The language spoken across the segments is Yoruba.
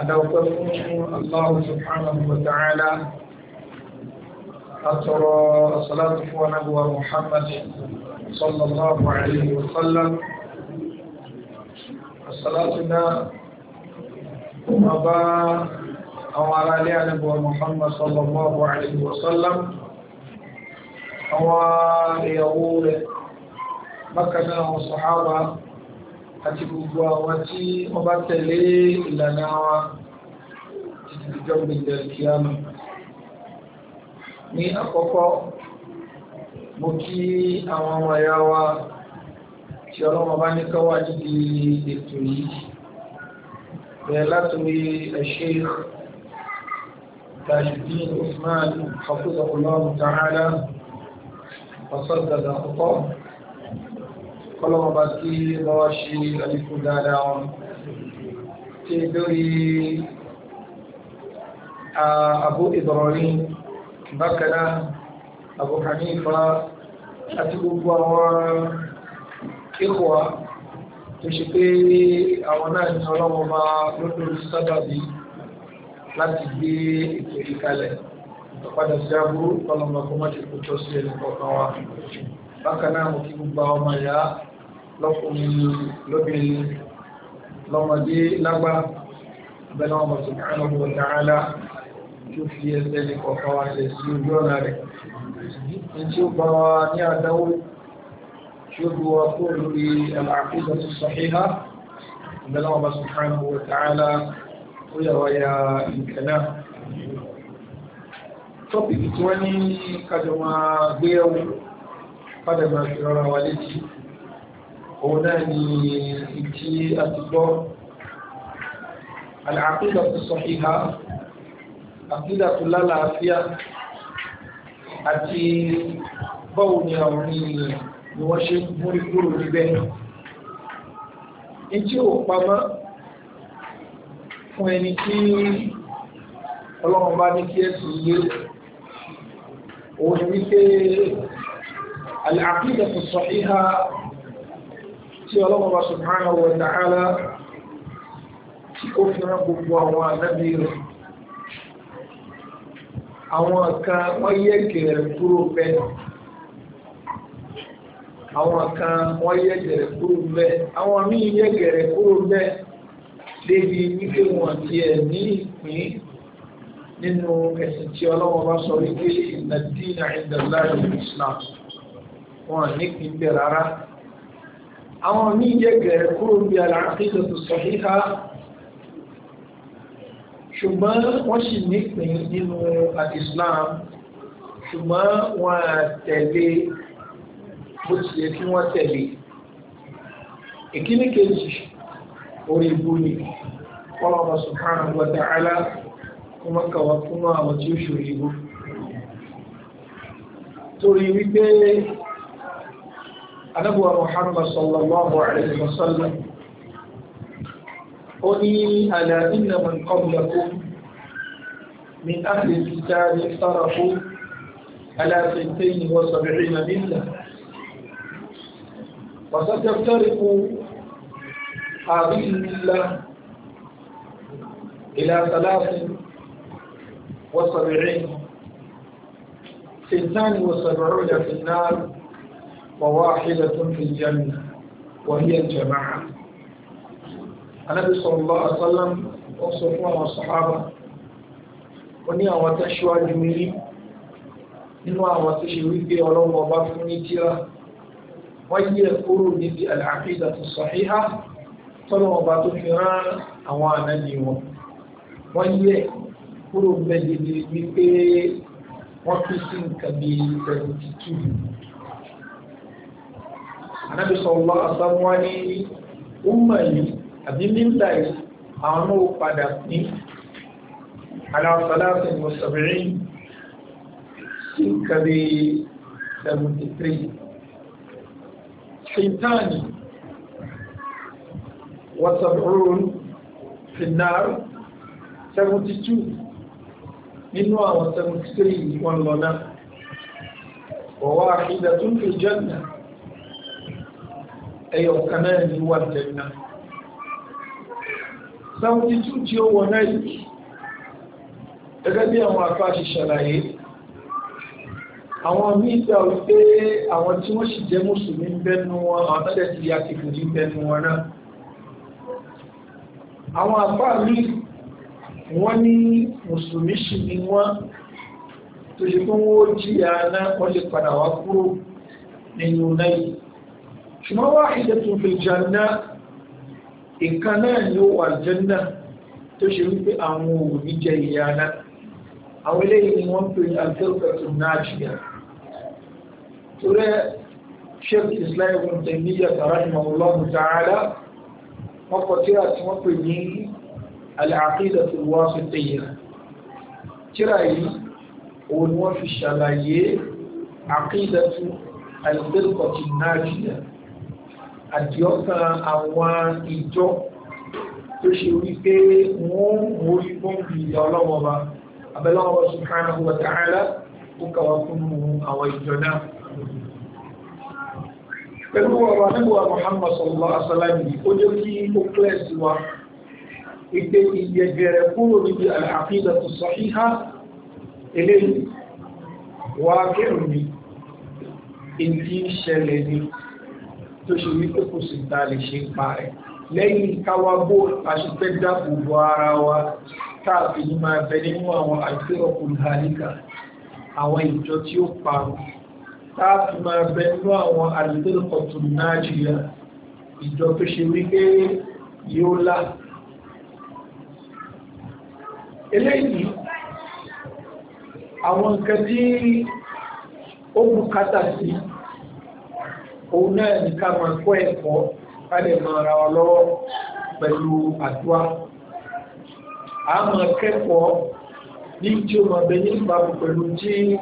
adáwọ̀pẹ́ fún Allahu subhanahu wa ta'ala atọrọ asalatu fún anábíwa Muhammad sallallahu alayhi wa sallam asalatu náà ma bá àwọn ará ilé anábíwa Muhammad sallallahu alayhi wa sallam àwọn ìyàwó rẹ̀ bákan náà àwọn àti gbogbo àwọn tí wọ́n bá tẹ̀lé ìlànà wa títí ìjọ gbogbo ìkìyàmù ní àkọ́kọ́ mo kí àwọn ọmọ ẹ̀yà wa tí ọlọ́mọ bá ní kọ́wà níbi ètò yìí bẹ̀rẹ̀ látòrí ẹ̀ṣẹ́ Tajuddin Usman Hafizahullah Ta'ala, Fasal Dada Ọkọ̀ kọ́lọ́mọ bá kí wọ́n wá ṣe àlékù dáadáa wọn tí lórí Abu Ibrahim bákan náà Abu Hanifa àti gbogbo àwọn ìkọ̀wá tó ṣe pé àwọn náà ní ọlọ́wọ́ bá lọ́dún sábàbí láti gbé ètò yìí kalẹ̀ ìtọ́padà sí aburú ọlọ́mọ kó má ti tọ́ sí ẹnì kọ̀ọ̀kan wa bákan mo kí gbogbo àwọn ọmọ ìyá lọ́kùnrin lóbìnrin lọ́mọdé lágbà abẹ́lá ọmọ subhanahu wa ta'ala tó fi ẹsẹ̀ ní kọ̀ọ̀kan wá ṣe sí ojú ọ̀nà rẹ̀ ní tí ó bá wa ní àdáwó tí ó bu wa kó lórí tọ́pìkì tí wọ́n ní kájọ máa gbé ẹ̀wọ̀n padà máa fi rọra òun náà ni ìtí àti gbọ́ àlàáfíà tó sọ ìhà àfíà tó lálàáfíà àti báwo ni àwọn ènìyàn ni wọ́n ṣe múrí kúrò níbẹ̀ ìtí ò pamọ́ fún ẹni tí ọlọ́run bá ní kí ẹ̀sìn yé òun ni wípé àlàáfíà tó sọ ìhà tí ọlọ́mọba subhanahu wa ta'ala tí ó fi rán gbogbo àwọn ànábì rẹ̀ àwọn kan wọ́n yẹ gẹ̀rẹ̀ kúrò bẹ́ẹ̀ àwọn kan wọ́n yẹ gẹ̀rẹ̀ kúrò bẹ́ẹ̀ àwọn míì yẹ gẹ̀rẹ̀ kúrò bẹ́ẹ̀ débi wípé wọn tiẹ̀ ní ìpín nínú ẹ̀sìn tí ọlọ́wọ́ bá sọ wípé ìnàdínà ìdàláyé islam wọn nípìn bẹ́ẹ̀ rárá àwọn míì yẹ gẹ̀rẹ̀ kúrò bí àlàáfíà tó sọ híhá ṣùgbọ́n wọ́n sì nípìn nínú al-Islam ṣùgbọ́n wọ́n tẹ̀lé bó ti yẹ kí wọ́n tẹ̀lé ìkíní orí ibu ni kọ́lọ́mọ subhanahu wa ta'ala kuma kàwá fún àwọn tí ó ṣòro ibu torí wípé أنبوى محمد صلى الله عليه وسلم قل ألا إن من قبلكم من أهل الكتاب اقترفوا على سنتين وسبعين ملة وستفترق هذه الملة إلى ثلاث وسبعين سنتان وسبعون في النار وواحدة في الجنة وهي الجماعة النبي صلى الله عليه وسلم وصف له الصحابة oní àwọn tó ṣíwájú mi rí nínú àwọn tó ṣe wípé ọlọ́run ọba fún ní tíra wọ́n yí ẹ̀ kúrò níbi àlàáfíìdà tó sọ̀híhá tọ́lọ́ ọba tó fi rán àwọn ànábì wọn wọ́n yí ẹ̀ kúrò mẹ́jẹ̀dẹ̀ wípé wọ́n fi sí nǹkan bíi 72 anábì sallallahu alaihi wasallam wá ní ọmọ yìí àbí nígbà yìí àwọn náà padà ní aláṣàláṣà ní ọ̀sọ̀bìnrin sí kàbí 73 ṣèǹtàní wọ́sọ̀bìnrin fi náà 72 nínú àwọn 73 wọn lọ náà wọ́wọ́ àkídà tún fi jẹ́ náà ẹyọ kan náà ní wà jẹ́nà 72 tí ó wọ náà yìí gẹ́gẹ́ bí àwọn afá ti ṣàlàyé àwọn mígbà wípé àwọn tí wọ́n sì jẹ́ mùsùlùmí bẹ́nu wọn àwọn tẹ́lẹ̀ ti ya ti fòjú bẹ́nu wọn náà àwọn afá mi wọ́n ní mùsùlùmí sì ni wọ́n tó ṣe fún wọ́n jìyà náà wọ́n lè padà wá kúrò nínú náà yìí ṣùgbọ́n wá ìdẹ̀tún fìjànà nǹkan náà ni ó wà jẹ́nà tó ṣe wípé àwọn òní jẹ ìyànà àwọn eléyìí ni wọ́n pè alfẹ́kẹ̀tún náà jìyà torí sheikh islam ibn taymiyyah rahimahullahu ta'ala wọ́n kọ tíra tí wọ́n pè ní al-aqidatul wasitiyyah tíra yìí òun ni wọ́n fi ṣàlàyé àkídàtú alfẹ́kẹ̀tún náà jìyà àdìọ́kàn àwọn ìjọ tó ṣe wípé wọ́n mórí bọ́ǹbì ìyá ọlọ́wọ́ba abẹ́lọ́wọ́ subhanahu wa ta'ala ó kàwà fún àwọn ìjọ náà pẹ̀lú ọ̀rọ̀ anábíwá Muhammad sallallahu alaihi wasallam ó jẹ́ kí ó kílẹ̀ sí wa ìgbé ìyẹ̀gẹ̀rẹ̀ kúrò níbi al-aqida as-sahiha eléyìí wá kẹrù ní ìdí ìṣẹ̀lẹ̀ ni. Ele, tó ṣe wípé kò sì ta lè ṣe pa rẹ̀ lẹ́yìn káwá bó aṣípẹ́ dáàbò bo ara wa káàfin ní máa bẹ nínú àwọn àìsíọ̀ kò hàlíkà àwọn ìjọ tí ó parun káàfin máa bẹ nínú àwọn àìsíọ̀ kò tún náà jìyà ìjọ tó ṣe wípé yóò lá eléyìí àwọn nǹkan tí ó bùkátà sí òun náà ní ká máa kọ́ ẹ̀kọ́ ká máa ra ọ a máa kẹ́kọ̀ọ́ ní tí ó máa bẹ ní ìbámu pẹ̀lú tí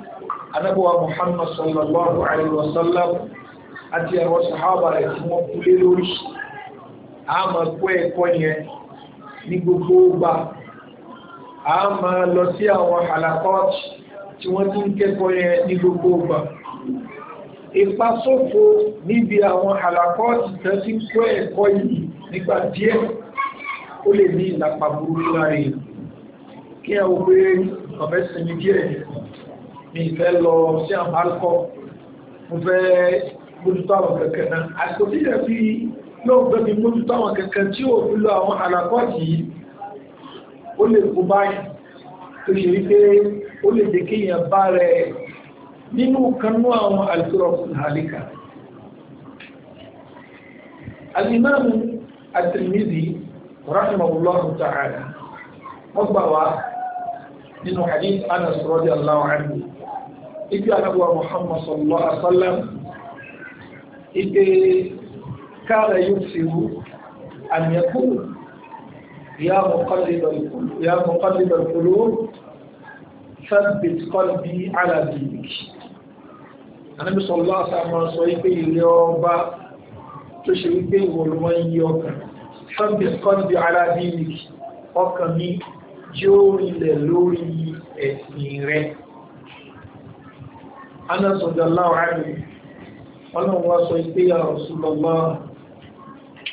sallallahu alayhi wa sallam àti àwọn sàhábà rẹ̀ tí wọ́n kú a máa kọ́ ẹ̀kọ́ yẹn ní gbogbo ọgbà a máa lọ sí àwọn halakọ́ọ̀tì tí wọ́n ti ń kẹ́kọ̀ọ́ yẹn ní ìpasófo níbi àwọn àlàkọ́ ìtẹ́ tí ń kó ẹ̀kọ́ yìí nígbà díẹ̀ ó lè ní ìlàpà burúkú láàrin kí ẹ wò pé ọ̀fẹ́ sinmi díẹ̀ mi ìfẹ́ lọ sí àwọn alkọ́ mo fẹ́ mójútó àwọn kẹ̀kẹ́ náà àsìkò tí ìyẹ̀ fi yóò fẹ́ mi mójútó àwọn kẹ̀kẹ́ tí ò fi lọ àwọn àlàkọ́ yìí ó lè kó báyìí tó ṣe wípé ó lè jẹ́ bá rẹ̀ nínú kanú àwọn alfirọ́sùn halika alimamu at-Tirmidhi rahimahullahu ta'ala wọ́n gbà wá nínú hadith Anas radiyallahu anhu ibi anabuwa Muhammad sallallahu alaihi wasallam ibi kára yóò fi wú أن يكون يا مقلب القلوب يا مقلب القلوب ثبت قلبي على دينك anábì sọlá àsàmà sọ wípé ilé ọba tó ṣe wípé ìwọ ló máa ń yí ọkàn sábì kọ́ńdì ara bíi ọkàn mi jó ilẹ̀ lórí ẹ̀sìn rẹ̀ anásọ̀dọ̀lá ọ̀hánì ọlọ́run wá sọ pé àrùsùlọ́gbà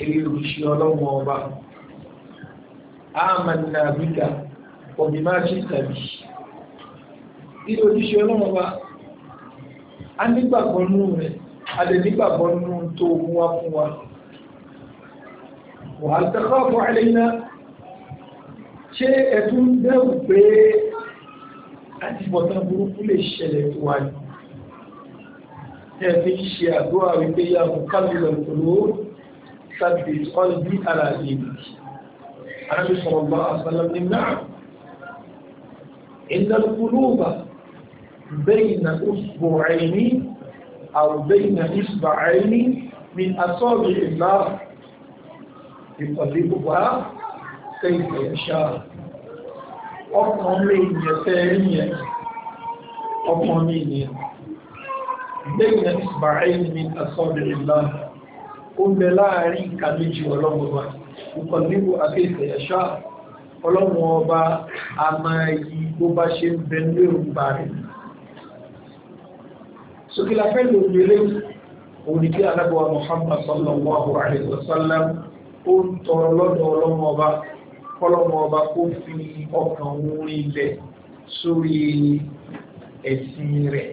èrè òṣìṣẹ́ ọlọ́run ọba àmàlà bíkà òbí tàbí ilé òṣìṣẹ́ ọba a nígbàgbọ́ nínú rẹ̀ a lè nígbàgbọ́ nínú tó mú wá fún wa wàhálà tẹ́kọ̀ fún àlẹ́yìnà ṣé ẹ̀tún bẹ̀rù pé àti bọ̀tán burúkú lè ṣẹlẹ̀ tó wá ní ẹ̀fí ṣe àdúrà wípé ya mú kábílọ̀ ìpòlò sábẹ̀ ọ̀lẹ́bí ara ìlú arábìsọ̀rọ̀ bá bá بين أسبوعين أو بين إصبعين من أصابع الله يقلبها كيف يشاء ọkàn lè yẹ fẹ́ yẹ ọkàn lè yẹ lẹ́yìn ìsìbàáyìn ní asọ́bìn ìlà ó bẹ láàrin ìka méjì ọlọ́run wa ìkọ̀lẹ́wò akéèkè ẹ̀ṣá ọlọ́run ọba a máa yí bó bá ṣe ń bẹ lóòrùn bá rẹ̀ sókè la fẹ́ lò wílé òní kí Muhammad sallallahu Alaihi Wasallam sallam ó ń tọrọ lọ́dọ̀ ọlọ́mọ ọba kọ́lọ́mọ ọba kó fi ọkàn orí ilẹ̀ sórí ẹ̀sìn rẹ̀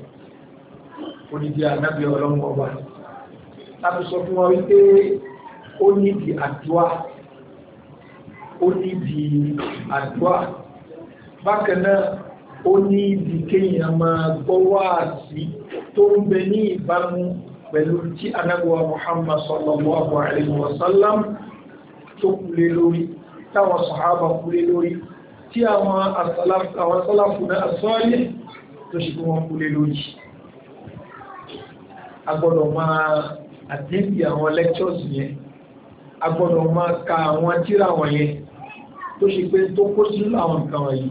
òní kí alábọ̀ ọlọ́mọ ọba láti sọ fún wa wípé ó nídìí àdúrà ó bákan náà ó kéèyàn máa gbọ́wọ́ àti tó ń bẹ ní ìbámu pẹ̀lú tí anábọ̀wá Muhammad sallallahu alayhi wa sallam tó kulé lórí táwọn sàhábà kulé lórí tí àwọn asálàfù náà sọ́ọ́lẹ̀ tó ṣe kí wọ́n kulé lórí. a gbọ́dọ̀ máa àdébì àwọn lectures yẹn a máa ka àwọn tíra wọ̀nyẹn tó ṣe pé tó kó sínú àwọn nǹkan wọ̀nyí.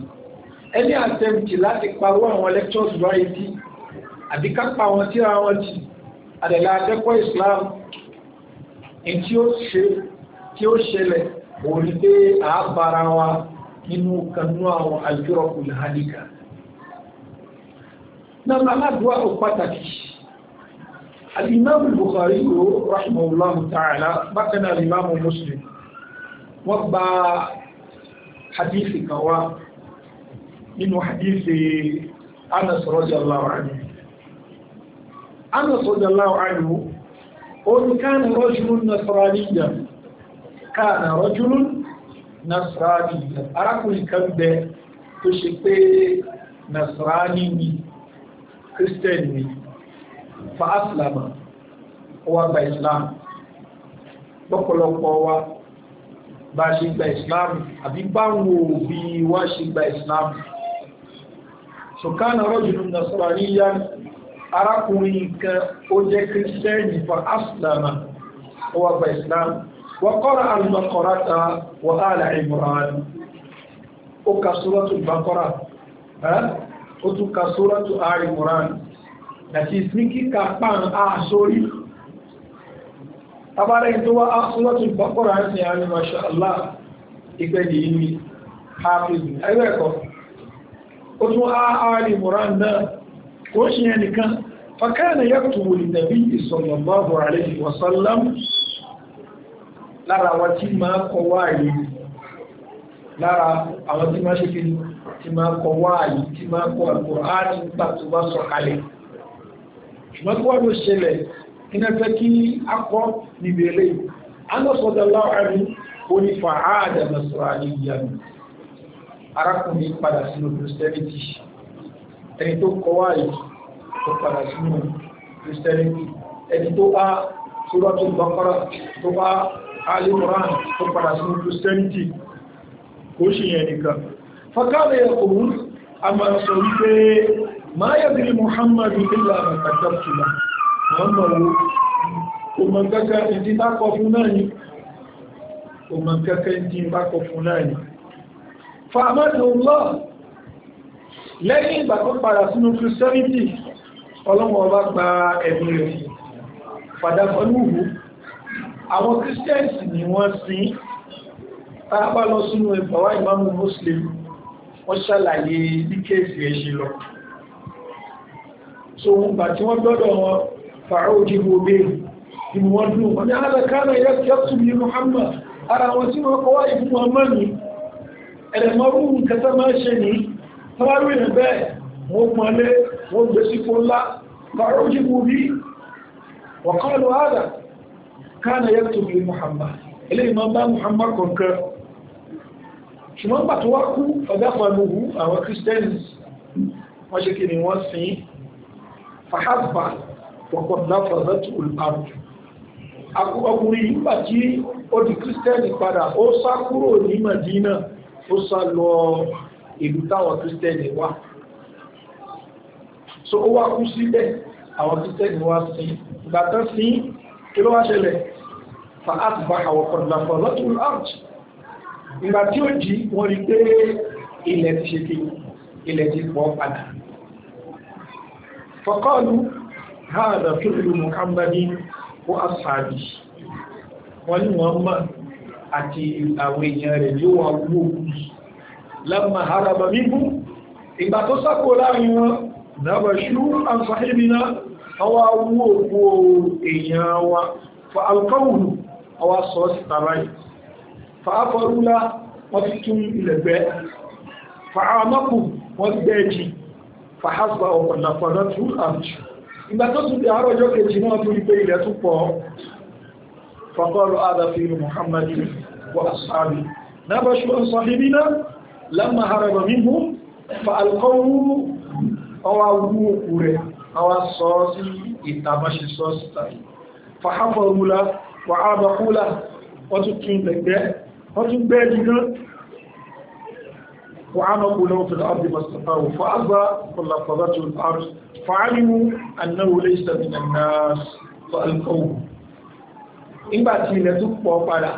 ẹni àtẹ̀mtì láti parọ́ àwọn lectures báyìí àbí kápá wọn tí ra wọn jì àdẹ̀lá akẹ́kọ̀ọ́ Islam ní tí ó ṣe tí ó ṣẹlẹ̀ òní pé àábára wa nínú kanú àwọn àjọrọ̀kù ìhàdíkà náà aládùá ò pàtàkì alimami Bukhari o rahimahullahu ta'ala bákan náà Muslim wọ́n gba hadithi kan wá nínú hadithi Anas radiyallahu anhu Anas radiyallahu anhu ó ní kana rajulun nasraniyyan kana rajulun nasraniyyan arákùnrin kan bẹ tó ṣe pé nasrani ni christian ni fa aslama ó wá gba islam lọ́pọ̀lọpọ̀ wa bá ṣe gba islam àbí báwo arákùnrin kan ó jẹ́ kírísítẹ́nì fa aslama ó wà gba islam wà kọ́ra al-Baqara ta wà ala Imran ó ka suratu al-Baqara ó tún ka suratu ala Imran àti Allah ìgbẹ́ni ìní hafiz ẹgbẹ́ ẹ̀kọ́ ó tún á ala náà kò ṣe yẹn nìkan fakana yaktubu li nabi sallallahu alayhi wa sallam lára àwọn tí máa kọ wáyé lára àwọn tí máa ṣe kí tí máa kọ wáyé tí máa kọ Al-Qur'ani nígbà tó bá sọ kalẹ̀ ṣùgbọ́n tó wà ló ṣẹlẹ̀ iná fẹ́ kí a kọ́ níbi eléyìí anọ́sọ̀dọ̀lá ọ̀rẹ́ oní fàáàdà nasarani yanu christianity ẹni tó kọwà yìí tó padà sínú christianity ẹni tó á sórọ́tù bọ́kọ́rọ̀ tó bá alimuran tó padà sínú christianity kò ṣe yẹn nìkan fakáàlẹ̀ òun a máa sọ wípé máa yàbìrì muhammadu ilẹ̀ àmàkàtàkùnà muhammadu ọmọ kẹ́kẹ́ ìdí bá kọ fún lẹ́yìn ìgbà tó padà sínú christianity ọlọ́wọ́ ọba gba ẹ̀mí rẹ̀ padà fọ́lúwù àwọn christians ni wọ́n sin tàbá lọ sínú ìbọ̀wá ìmáàmù muslim wọ́n ṣàlàyé bí kéèsì ẹ̀ṣì lọ so gbà tí wọ́n gbọ́dọ̀ wọn fàárọ̀ òjìbò obìnrin ẹ̀rẹ̀mọ́rún kẹta máa ṣe ní tọ́wárí rẹ̀ bẹ́ẹ̀ wọ́n mọ́lé wọ́n gbé sípò ńlá fàárọ̀ jíbu bí wọ̀kọ́lù ádà káàna yẹ́ tó bí Muhammad ilé ìmọ̀ bá Muhammad kọ̀ọ̀kan ṣùgbọ́n pàtó wá kú ọ̀dáfàánúhù àwọn Christians wọ́n ṣe kí ni wọ́n sin fàhásbà wọ́pọ̀ láfàzẹ́tù olùpàrù ọkùnrin nígbà ìlú táwọn kírísítẹ́nì wà so ó wá kú síbẹ̀ àwọn kírísítẹ́nì wá sí ìgbà tán sí kí ló wá ṣẹlẹ̀ fa àtùbá àwọn kọ̀dùnàfọ̀ lọ́tún áàtì ìgbà tí ó jí wọ́n rí pé ilẹ̀ ti ṣe kí ilẹ̀ ti pọ̀ padà fọ́kọ́lù hàdà tó lù Muhammadi ó àṣàbì wọ́n ní wọ́n mọ̀ àti àwọn èèyàn rẹ̀ yóò wá wó kú sí lẹ́mà haraba mímú ìgbà tó sákò láàrin wọn dábà ṣú àǹsàhìbìnà àwọn awú òkú èèyàn wa fa alkọ́wùlù àwọn sọ sí tàbáyì fa afọrúlá wọ́n ti tún ilẹ̀gbẹ́ fa àmọ́kù wọ́n ti bẹ́ẹ̀jì fa hasba ọ̀pọ̀lọpọ̀lọ náà tún rí محمد وأصحابه نبشوا عن lẹ́mà haraba mímú fa alkọ́wúrú ọwá wú òkú rẹ̀ ọwá sọ sí ìtàbáṣe sọ síta fa hafọ̀rúlá wà ábàkúlá wọ́n tún tún lẹ̀gbẹ́ wọ́n tún gbẹ́ jìgá wà ábàkúlá wọ́n tún àbí mọ̀sánfàwò fa ágbà kọlàkọlàtò tí ilẹ̀ tún pọ̀ padà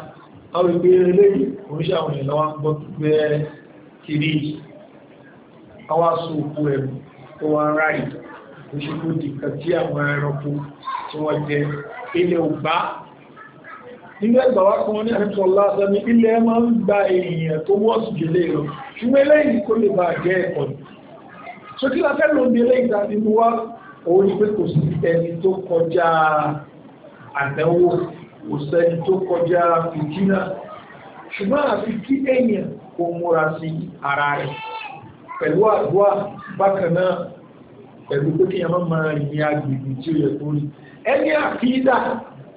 àwọn ìgbé eléyìí oríṣẹ́ àwọn ìlọ́wọ́ gbọ́ series àwọn aṣọ òkú ẹ̀rù tó wá ráì oṣùkú dìkà tí àwọn ẹranko tí wọ́n jẹ ilẹ̀ ògbá nínú ẹgbà wá kan ní àrísọ lásán ní ilẹ̀ máa ń gba èèyàn tó wọ́sù jẹ́lé lọ ṣùgbọ́n eléyìí kó lè bá jẹ́ ẹ̀kọ́ ni pé kò sí ẹni tó kọjá àdánwò kò sẹ́ni tó kọjá kó múra sí ara rẹ̀ pẹ̀lú àdúrà bákan náà pẹ̀lú pé kí ẹmọ́ máa rìn agbègbè tí ó yẹ kó rí ẹni àkídà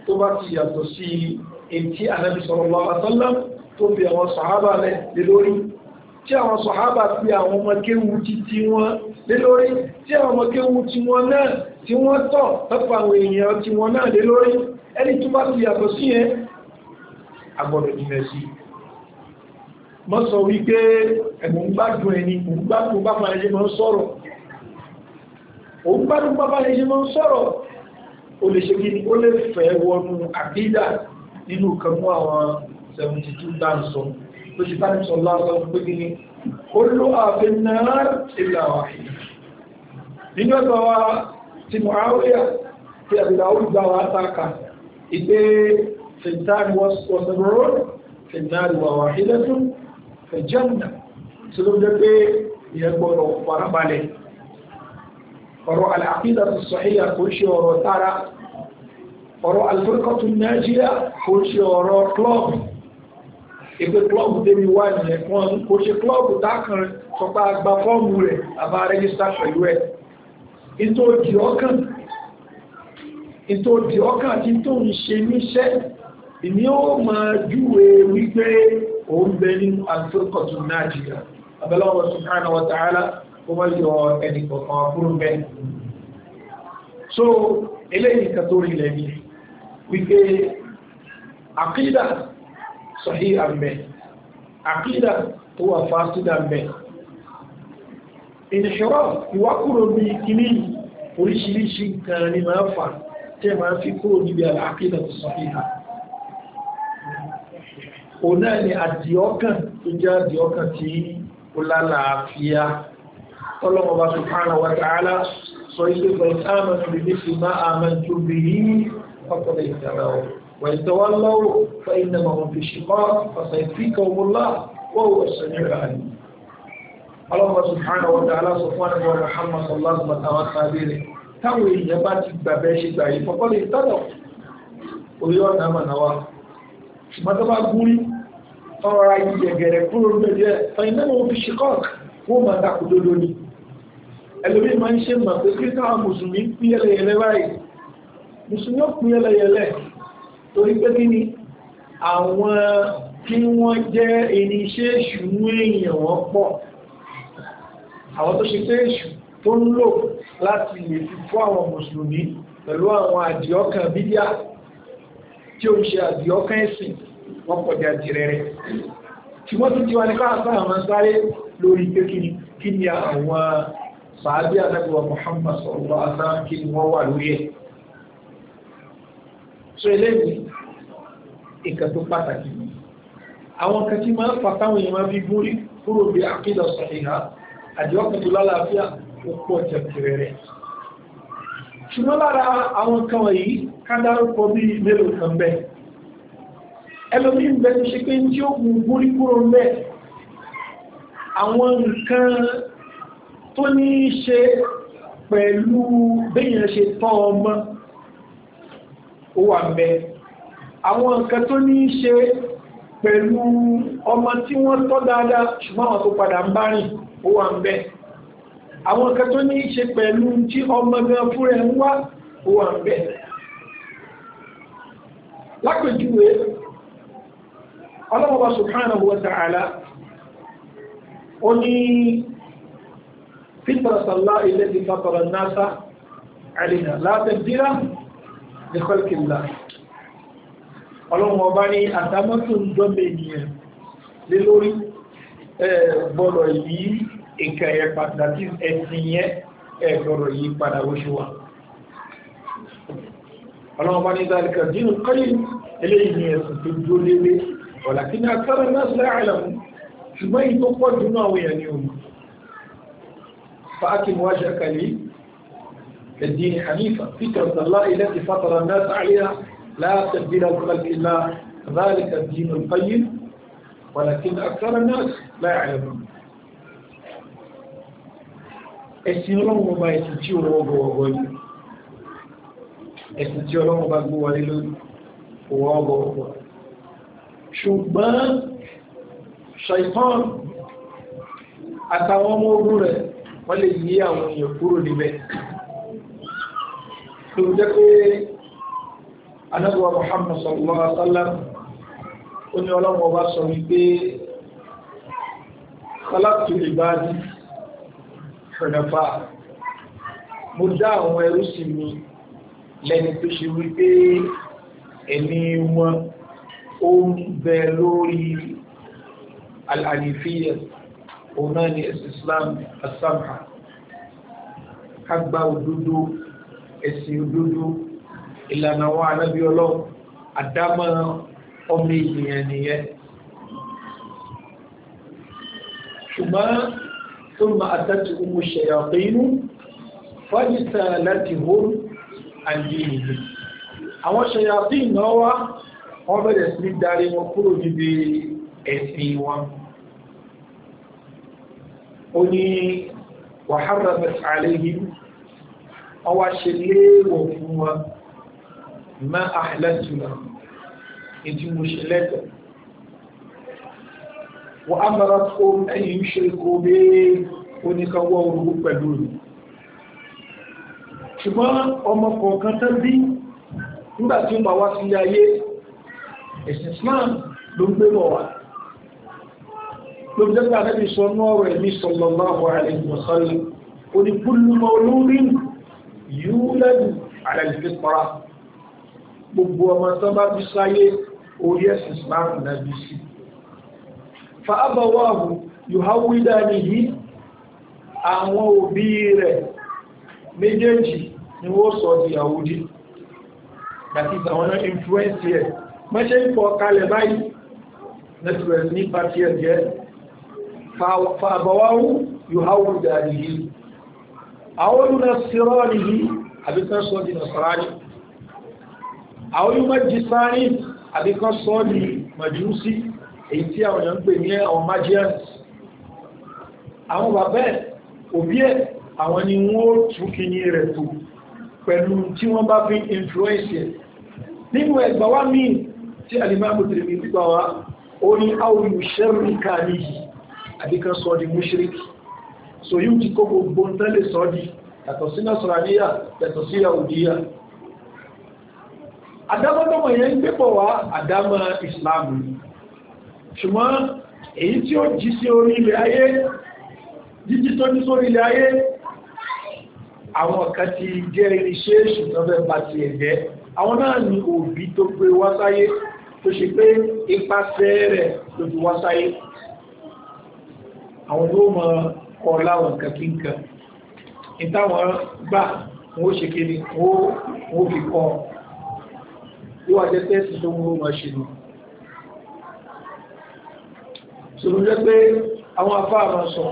tó bá ti yàtọ̀ sí etí Ànábì sallallahu alaihi wasallam tó bí àwọn sàhábà lé lórí tí àwọn sàhábà pé àwọn ọmọ kéwú títí wọn lé lórí tí àwọn ọmọ kéwú tí wọn mọ́ sọ wípé ẹ̀mọ̀ ń gbádùn ẹni ń gbádùn bàbá ẹjẹ́ mọ́ sọ̀rọ̀ òun gbádùn bàbá ẹjẹ́ mọ́ sọ̀rọ̀ o lè ṣe kí ni ó lè fẹ́ wọnú àbídà nínú kan mú àwọn 72 dáńsọ tó ṣe tánì sọ lásán pé kí ni ó ló ààfin náà ìlà wàhíì nínú tí àbìlà ó gbà wá táka ìgbé fìntàn wọ́sọ̀rọ̀ fìntàn wà wàhíì lẹ́tún fẹ̀jẹ̀nà tí ló jẹ́ pé ìyẹn gbọ́dọ̀ farabalẹ̀ ọ̀rọ̀ àlàáfíà tó sọ̀híyà kò ṣe ọ̀rọ̀ tára ọ̀rọ̀ alifurikọ́tù nàìjíríà kò ṣe ọ̀rọ̀ klọ́ọ̀bù ìpè klọ́ọ̀bù débi wà nìyẹn wọn kò ṣe klọ́ọ̀bù dákan sọpá gba fọ́ọ̀mù rẹ̀ àbá rẹ́gísítà pẹ̀lú ẹ̀ ìtòdì ọkàn àti tó níṣẹ́ ìní ó máa júwe wípé òun bẹ nínú alifurukọtun náà jìyà abẹ́lẹ́wọ̀ subhanahu wa ta'ala kó má yọ ẹnì kọ̀ọ̀kan kúrò bẹ́ẹ̀. so eléyìí kan tó rinlẹ̀ ni wípé àkídà sọ̀hí àmbẹ̀ àkídà tó wà fásitì àmbẹ̀ ìṣòro ìwákúrò bí kìíní oríṣiríṣi nǹkan ni máa fà tẹ́ máa fi kúrò níbi àkídà tó sọ̀hí àmbẹ̀ òun náà ni àdìọ́kàn tó jẹ́ àdìọ́kàn tí ó lálàáfíà tọ́lọ́mọba subhanahu wa ta'ala sọ ilé ìfẹ̀sánà níbi ní fi فإنما هم في شقاق فسيكفيكهم الله وهو السميع العليم ọlọ́pàá subhanahu wa ta'ala sọ fún àwọn ọmọ Muhammad sallallahu alaihi wa sallam àwọn sábẹ́rẹ̀ táwọn èèyàn bá ti gbàbẹ́ ṣe gbà yìí fọ́kọ́ orí ọ̀nà àmàna ṣùgbọ́n tó bá gúrí ọ̀rọ̀ ìyẹ̀gẹ̀rẹ̀ kúrò lójẹ́ ẹ̀yìnlẹ́wọ̀n fi ṣikọ́k wọ́n máa takò dodo ni ẹlòmí máa ń ṣe mọ̀ pé kí káwọn mùsùlùmí pín yẹlẹyẹlẹ báyìí mùsùlùmí ó pín yẹlẹyẹlẹ torí pé kí ni àwọn tí wọ́n jẹ́ ẹni iṣẹ́ èṣù ń èèyàn wọ́n pọ̀ àwọn tó ṣe pé èṣù tó ń lò láti lè fi fún àwọn mùsùlùmí pẹ̀lú àwọn àdìọ́kàn bídíà tí ó ń ṣe àdìọ́kán ẹ̀sìn wọ́n kọjá di rẹ̀rẹ̀ ṣùgbọ́n tó ti wá ní káàkiri àwọn sáré lórí pé kí ni àwọn sàábí àtàkùwà Muhammad sọ̀rọ̀ àtàkùn kí ni wọ́n wà lórí ẹ̀ so eléyìí ìkà tó pàtàkì ni àwọn kan tí máa ń fàtàwọn èèyàn máa fi gúrí kúrò bí àkídà sọ̀rọ̀ àdìọ́kùn tó lálàáfíà ó pọ̀ jẹ̀kẹ̀rẹ̀ rẹ̀ ṣùgbọ́n lára àwọn kan wọ̀nyí kádárúkọ bí mélòó kan bẹ́ ẹlòmí ń bẹ tó ṣe pé tí ó gùn gúrí kúrò ń bẹ àwọn nǹkan tó ní í ṣe pẹ̀lú béèyàn ṣe tọ́ ọmọ ó wà ń àwọn nǹkan tó ní í ṣe pẹ̀lú ọmọ tí wọ́n tọ́ dáadáa ṣùgbọ́n àwọn tó padà ń bá rìn ó wà ń àwọn kan tó ní í ṣe pẹ̀lú tí ọmọ gan fún ẹ ń wá òwà ń bẹ̀. lápèjúwe ọlọ́mọba subhanahu wa ta'ala ó ní fitrasallá ilé ti fatara nasa àlìyà látẹ̀díra ní àtàmọ́tò ń dọ́mẹ̀ ènìyàn lé lórí ẹ̀ẹ́gbọ́dọ̀ yìí nǹkan ẹ̀yẹ pàtàkì ẹ̀sìn yẹn ẹ̀gbọ́rọ̀ yìí padà oṣù wa ọlọ́wọ́ bá ní ìdáríkà dínú kọ́yí eléyìí ni ẹ̀sùn tó dúró léwé ọ̀là kí ní asára náà sílẹ̀ àìlàmù ṣùgbọ́n yìí tó pọ̀ dúnú àwọn èèyàn ní òun fàákì ذلك الدين القيم ولكن أكثر الناس لا يعلمون ẹ̀sìn ọlọ́run ọba ẹ̀sìn tí ó wọ́gbọ̀ ọgbọ̀ ni ẹ̀sìn tí ọlọ́run ọba gbó wọlé lórí òwò ọgbọ̀ ọgbọ̀ ṣùgbọ́n ṣàìtàn àtàwọn ọmọ ogun rẹ̀ wọ́n lè yí àwọn èèyàn kúrò níbẹ̀ tó jẹ́ pé anábọ̀ Muhammad sallallahu alaihi wasallam ó ní ọlọ́run ọba sọ wípé khalaqtu ibadi hànàfà mo dá àwọn ẹrú sí mi lẹ́ni tó ṣe wípé ẹni wọn ó ń bẹ lórí alànífíyà òun náà ni ẹ̀sìn Islam asamha ká gba òdodo ẹ̀sìn òdodo ìlànà àwọn anábí ọlọ́run àdámọ́ ọmọ ènìyàn nìyẹn ṣùgbọ́n ثم أتتهم الشياطين فاجتالتهم عن دينهم àwọn ṣayatín هو wá wọ́n bẹ̀rẹ̀ sí darí wọn kúrò níbi ẹ̀sìn wọn ó ní wàhálà mẹ́sàlẹ́yì wọ́n wá ṣe léèwọ̀ fún wọn máa àhìlẹ́tùnà ìdí mo ṣe lẹ́tọ̀ọ́ وأمرتهم أن يشركوا به oníkanwọ́ orúkú pẹ̀lú rẹ̀ ṣùgbọ́n ọmọ kọ̀ọ̀kan tán bí nígbàtí ó bá wá sílé ayé ẹ̀sìn Islam ló ń gbé mọ̀ wá ló ń jẹ́ pé àdébì sọ ní ọ̀rọ̀ ẹ̀mí sallallahu alaihi wa sallam kullu mawludin yuladu ala al-fitra gbogbo ọmọ tán bá bí sáyé orí ẹ̀sìn Islam náà bí sí i fàábàwáhù yòháwídánihì àwọn òbí rẹ̀ méjèèjì ni wọ́n sọ di Yahudi àti àwọn náà influence ẹ̀ mọ́ṣẹ́ ń pọ̀ kalẹ̀ báyìí network ní pàtí ẹ̀ jẹ́ fàábàwáhù yòháwídánihì àwọn olùnasíránihì àbíkan sọ di di màjúsí èyí tí àwọn èèyàn ń pè ní ọmọ magians àwọn bàbá ẹ̀ òbí ẹ̀ àwọn ni wọ́n ó tún kíní rẹ̀ tó pẹ̀lú tí wọ́n bá fi influence ẹ̀ nínú ẹgbà wá míì tí alimamu tìrìmì pípa wá ó ní àwọn olùṣẹ́rìkà níyì àbíkan sọ di mushrik so yíò ti kó gbogbo ń tẹ́lẹ̀ sọ di yàtọ̀ sí nasaraniya yàtọ̀ sí yahudiya yẹn ń gbé wá àdámọ́ islam ni ṣùgbọ́n èyí tí ó jí sí orí ilẹ̀ ayé jíjí tó ní sórí ilẹ̀ ayé àwọn kan ti jẹ́ irinṣẹ́ ṣùgbọ́n bá ti ẹ̀jẹ́ àwọn náà ni òbí tó gbé wá sáyé tó ṣe pé ipasẹ̀ rẹ̀ ló fi wá sáyé àwọn ló mọ kọ láwọn nǹkan kí gbà wọn ṣe kiri wọn ó fi kọ yíwájẹ́ tẹ́sí tó ń mọ̀ ṣe nù sọ̀rọ̀ jẹ́ pé àwọn afá àmà sọ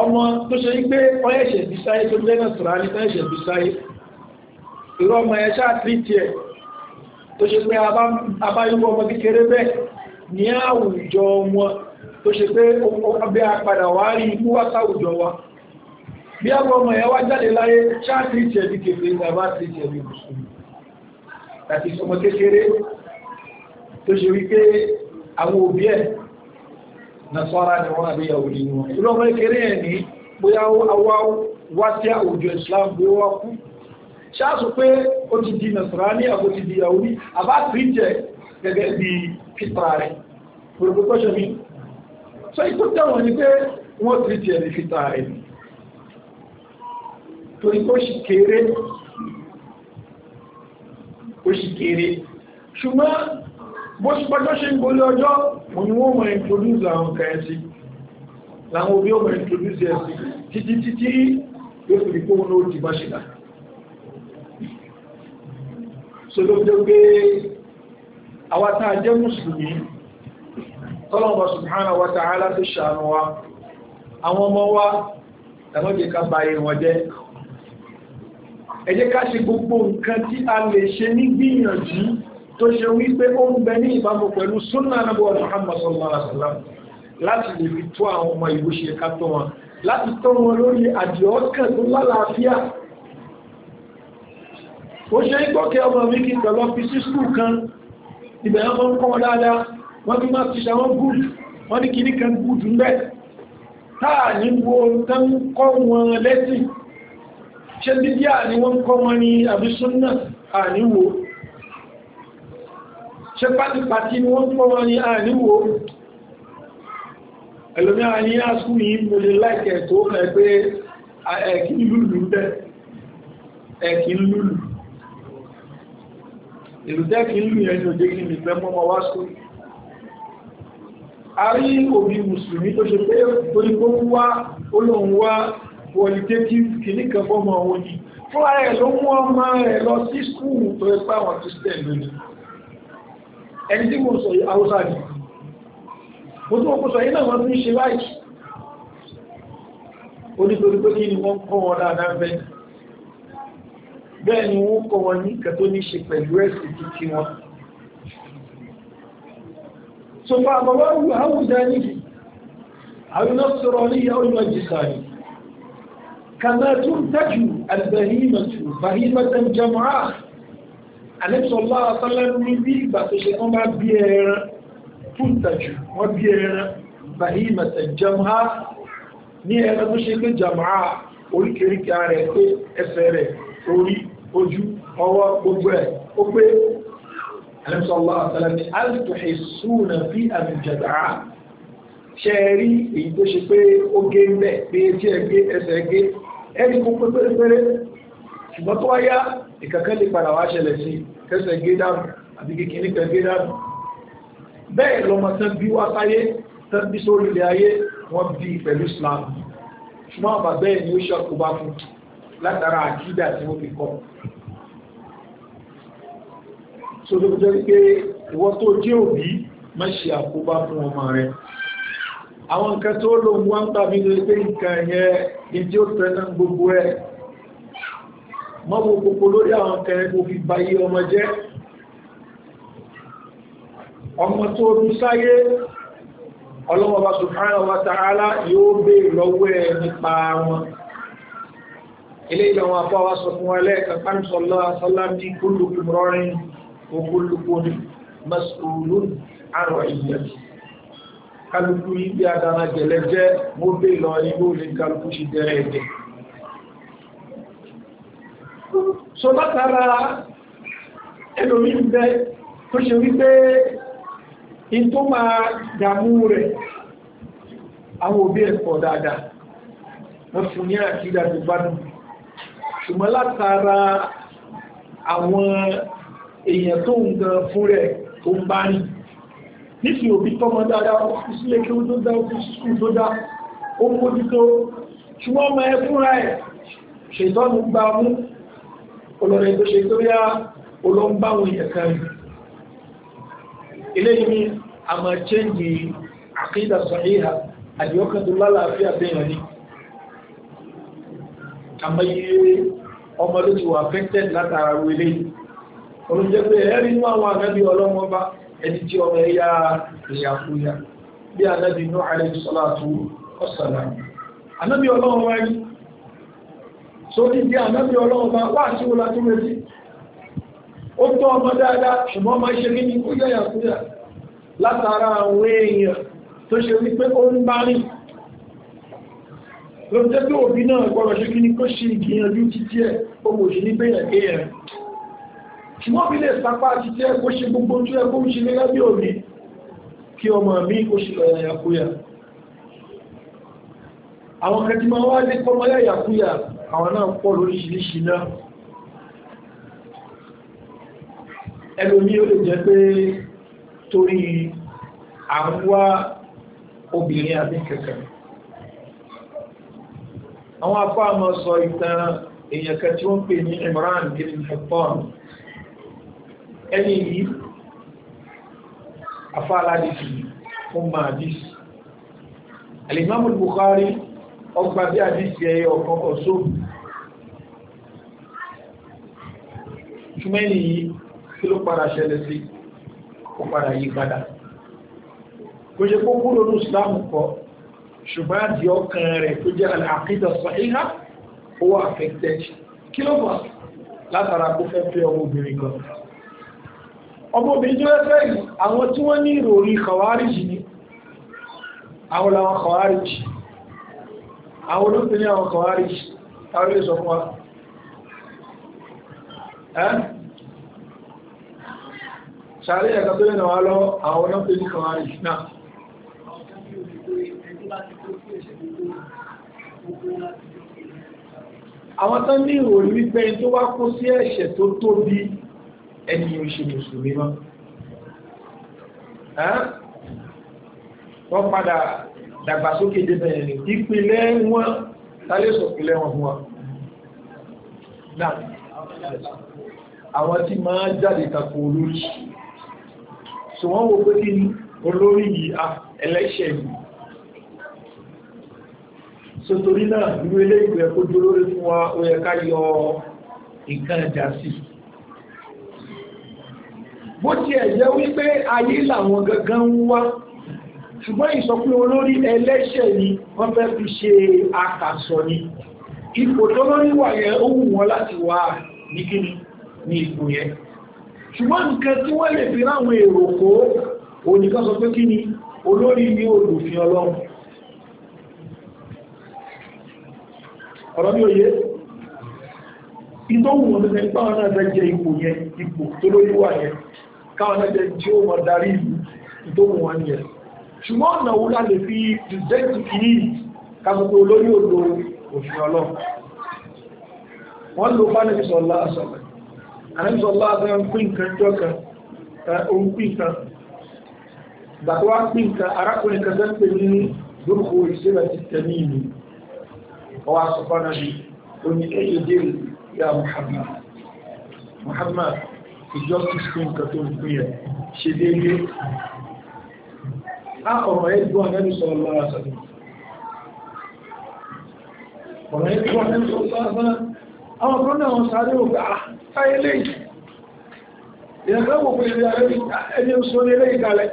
ọmọ tó ṣe pé wọ́n ẹ̀ṣẹ̀ bí sáyé tó jẹ́ náà sọ̀rọ̀ ní ẹ̀ṣẹ̀ bí sáyé ìrọ̀ ọmọ ẹ̀ ṣáà tí tiẹ̀ tó ṣe pé abáyúwọ́ ọmọ kékeré bẹ́ẹ̀ ní àwùjọ wọn tó ṣe pé ọbẹ̀ apadà wá rí ikú wá wa bí àwọn ọmọ ẹ̀ wá jáde láyé ṣáà tí tiẹ̀ bí kékeré ní abá tí tiẹ̀ bí mùsùlùmí àti ọmọ kékeré tó ṣe wípé àwọn òbí ẹ̀ nasara ni wọ́n àbí yahudi ni wọ́n ìlú ọmọ ìkéré ẹ̀ ní bóyá wá wá sí àwùjọ islam bí ó wá kú ṣáàsù pé ó ti di nasara ní àbó ti di yahudi àbá tìrìtẹ̀ gẹ́gẹ́ bí fitra rẹ̀ gbogbo bó ṣe pàjọ́ ṣe ń gbolé ọjọ́ òun ni wọ́n mọ̀ introduce àwọn kẹ̀ẹ́ sí láwọn òbí ọmọ introduce ẹ̀ sí títí títí yóò fi kó wọn ó ti bá ṣe náà subhanahu wa ta'ala tó ṣàánú wa àwọn ọmọ wa ẹ̀mọ́jẹ́ ká ba ayé ká ṣe gbogbo nǹkan tí a lè ṣe ní gbìyànjú tó ṣe wípé ó ń bẹ ní ìbámu pẹ̀lú súnà anábọ̀ Muhammad sallallahu alaihi wasallam láti lè fi tó àwọn ọmọ ìwé ṣe ká tó wọn láti tó wọn lórí àdìọ́kàn tó lálàáfíà ó ṣe ń ọmọ mi kí pẹ̀lú ọ́fíìsì skul kan ibẹ̀ ọmọ kọ́ wọn dáadáa wọ́n ti máa ti ṣàwọn ṣe pàtìpàtì ni wọ́n fọ́ wọn ní àníwò ẹlòmí àní àṣù yìí mo lè láìkẹ̀ tó rẹ̀ pé ẹ̀kí lùlù bẹ́ ẹ̀kí lùlù ìlú tẹ́kì ń lù yẹn ní òjé kí nìfẹ́ mọ́mọ́ wá sórí a rí òbí mùsùlùmí tó ṣe pé orígbó ń wá olóhùn wá qualitative kìíní kan fọ́mọ òun ni fún ara ẹ̀ ló mú ọmọ rẹ̀ lọ sí skúù tó ẹgbẹ́ àwọn christian lónìí ẹni tí mo sọ haúsá ni mo tún kó sọ yìí náà wọ́n tún ṣe báyìí onítorí pé kí ni wọ́n kọ́ wọn dáadáa bẹ́ẹ̀ bẹ́ẹ̀ ni wọ́n kọ́ wọn ní ìkẹ́ tó ní ṣe pẹ̀lú ẹ̀sìn títí wọn so fa bàbá wù haúsá àwọn sọ̀rọ̀ níyà ó yọ àlẹ́sọ̀lá asálẹ́rú ní bí ìgbà tó ṣe wọ́n bá bí ẹran fúntàjù wọ́n bí ẹran bàyí mẹ̀tẹ̀ jẹmọ́ ní ẹran tó ṣe pé jàmọ́ oríkèríkà rẹ̀ pé ẹsẹ̀ rẹ̀ orí ojú ọwọ́ gbogbo ẹ̀ ó pé àlẹ́sọ̀lá asálẹ́rú ní alìtòhì súnà bí àmì jẹ̀dá ṣe rí ṣùgbọ́n tó wáyá ìkankan lè padà wá sí tẹ́sẹ̀ gédàrù àbí kékeré kan gédàrù bẹ́ẹ̀ lọ́mọ tán bí wá sáyé tán bí sórí ilẹ̀ ayé wọ́n bí pẹ̀lú Islam ṣùgbọ́n àbá bẹ́ẹ̀ ni ó ṣàkóbá fún látara àkídà tí wọ́n fi kọ́ so tó jẹ́ pé ìwọ tó jẹ́ òbí má ṣe àkóbá fún ọmọ rẹ̀ àwọn nǹkan tó lòun wá ń tàbí lórí pé nǹkan yẹn ìdí ó tẹ́lẹ̀ gbogbo ẹ̀ mọ́wọ́ gbogbo lórí àwọn kẹrẹ kò fi báyé ọmọ jẹ́ ọmọ tó rú sáyé ọlọ́wọ́ba subhanahu wa ta'ala yóò béèrè lọ́wọ́ ẹ̀ nípa wọn ilé ìjọba afọ́wà sọ fún ẹlẹ́ẹ̀kan pánṣọ́lá sọ́lá ní kúlùkùn rọrin òkúlùkùn jẹ̀lẹ́jẹ́ mo béèrè lè kálukú ṣe dẹ́rẹ́ ẹ̀dẹ̀ so látara ẹlòmí ń bẹ tó ṣe wípé in tó máa dàmú rẹ̀ àwọn òbí ẹ̀kọ́ dáadáa wọ́n fún ní àkídà tó bá dùn ṣùgbọ́n látara àwọn èèyàn tó ń gan fún rẹ̀ tó ń bá rìn nífi òbí tọ́mọ dáadáa ó fi sílé kí ó tó dá ó tó dá ó mójútó ṣùgbọ́n ọmọ ẹ fúnra ẹ̀ ṣètọ́nù gbá olórin tó ṣe tó yá olóńbáwọn èèyàn kan ni a máa chẹ́ǹgì àkídà sọ̀híhà àdìọ́kàn lálàáfíà bẹ́yàn ni àmọ́yé ọmọ ló ti wà affected látara wele olùjẹ́ pé ẹ̀rí inú àwọn ànábì ọlọ́wọ́n ẹni tí ọmọ ẹ̀yà ìyàfúyà bí ànábì náà ànábì sórí ibi ànábì ọlọ́run bá wà sí wọn láti retí ó tọ́ ọmọ dáadáa ṣùgbọ́n máa ṣe kí ni kó yẹ̀yàkúyà látara àwọn èèyàn tó ṣe wípé ó ń bá rìn ló jẹ́ pé òbí náà gbọ́rọ̀ ṣe kí ní kó ṣe ìgbìyànjú títí ẹ̀ ọmọ òṣì ní bẹ́yàn kí ọmọ mi kó ṣe lọ yàyàkúyà àwọn kẹtìmọ̀ wá lé kọmọ yàyàkúyà àwọn náà pọ̀ lóríṣiríṣi náà ẹlòmí ó lè jẹ́ pé torí àwúwá obìnrin àbí kẹ̀kẹ́ àwọn apá àmọ́ sọ ìtàn èèyàn kan tí wọ́n pè ní Imran bin Hafan ẹni yìí afáàládìsì fún mahadis Al-Imam Al-Bukhari ọgbà bí àdìsì ẹyẹ ọ̀kan ọ̀sọ́ ṣùgbọ́n ẹni yìí kí ló padà ṣẹlẹ̀ sí ó padà yí padà kò ṣe kó kúrò ní ìsìláàmù kọ́ ṣùgbọ́n àti ọkàn rẹ̀ tó jẹ́ àkídà sàíhà ó wà affected kí ló fà látara kó fẹ́ fẹ́ ọmọbìnrin kan ọmọbìnrin tó fẹ́ yìí àwọn tí wọ́n ní ìròrí kàwáríjì ni àwọn làwọn kàwáríjì àwọn olóbìnrin àwọn kàwáríjì táwọn lè sọ fún wa ṣàrí ẹ̀ka tó lẹ́nà wá lọ àwọn náà pé ní kan àrí náà àwọn tán ní ìròyìn wípé tó wá kó sí ẹ̀ṣẹ̀ tó tóbi ẹni oṣù mùsùlùmí mọ́ wọ́n padà dàgbàsókè débẹ̀ ẹ̀rìn ìpìlẹ̀ wọn tálẹ́sọ̀pìlẹ̀ wọn fún wọn náà àwọn tí máa jáde tako olórí so wọ́n wo pé kí ni olórí yìí a ẹlẹ́ṣẹ̀ yìí so torí náà irú ilé ìgbẹ́ kó dúró lórí fún wa ó yẹ ká yọ nǹkan ẹ̀dá sí i bó ti ẹ̀yẹ wípé ayé làwọn gangan wá ṣùgbọ́n ìsọpín olórí ẹlẹ́ṣẹ̀ ni wọ́n fẹ́ fi ṣe àkàsọ ni ipò tó lórí wà yẹ ó wù wọ́n láti wà ní kíni ní ipò yẹn ṣùgbọ́n nǹkan tí wọ́n lè fi ráwọn èrò kó oníkan sọ pé kí ni olórí ní olùfin ọlọ́run ọ̀rọ̀ ní òye ìtọ́wù wọn lẹ́nà ipá wọn náà jẹ́ ipò yẹn ipò tó lórí wà yẹn káwọn náà jẹ́ tí ó mọ̀ darí ìlú ìtọ́wù wọn yẹn ṣùgbọ́n ọ̀nà wúlá lè fi dìjẹ́tì kìí kásọ̀tọ̀ olórí òdo òfin ọlọ́run wọ́n lo bá nìbìsọ̀ lásọ̀rọ̀ àrẹ́sọ̀lá àbẹ́ ń pín nǹkan jọ kan òun pín nǹkan bàtọ́ wá pín nǹkan arákùnrin kan tó ń pè ní lórúkọ ìṣẹ́lẹ̀ ti tẹ̀lé ìlú ọwá sọ fọ́nà bí oní ẹ̀yẹ dèrè ya ọ̀rọ̀ ẹ̀ ẹni sọ̀rọ̀ lọ́wọ́ sọ̀rọ̀ ọ̀rọ̀ ẹ̀ ẹni sọ̀rọ̀ lọ́wọ́ sọ̀rọ̀ àwọn kan náà wọ́n sáré ògbà ah, táyé lẹ́yìn ìyàgbẹ́ òkú ìrìn ẹni oṣù ní ilé ìdálẹ̀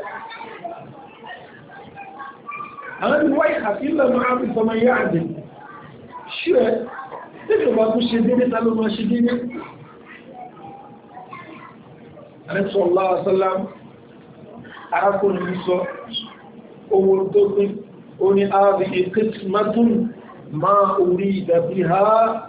àwọn ìwá ìhàfílẹ̀ máa ń fọmọ yá àdì ṣí ẹ tẹ́lẹ̀ ọba tó ṣe dé níta ló ṣe dé ní àrẹ́sọ̀ aláàsálàm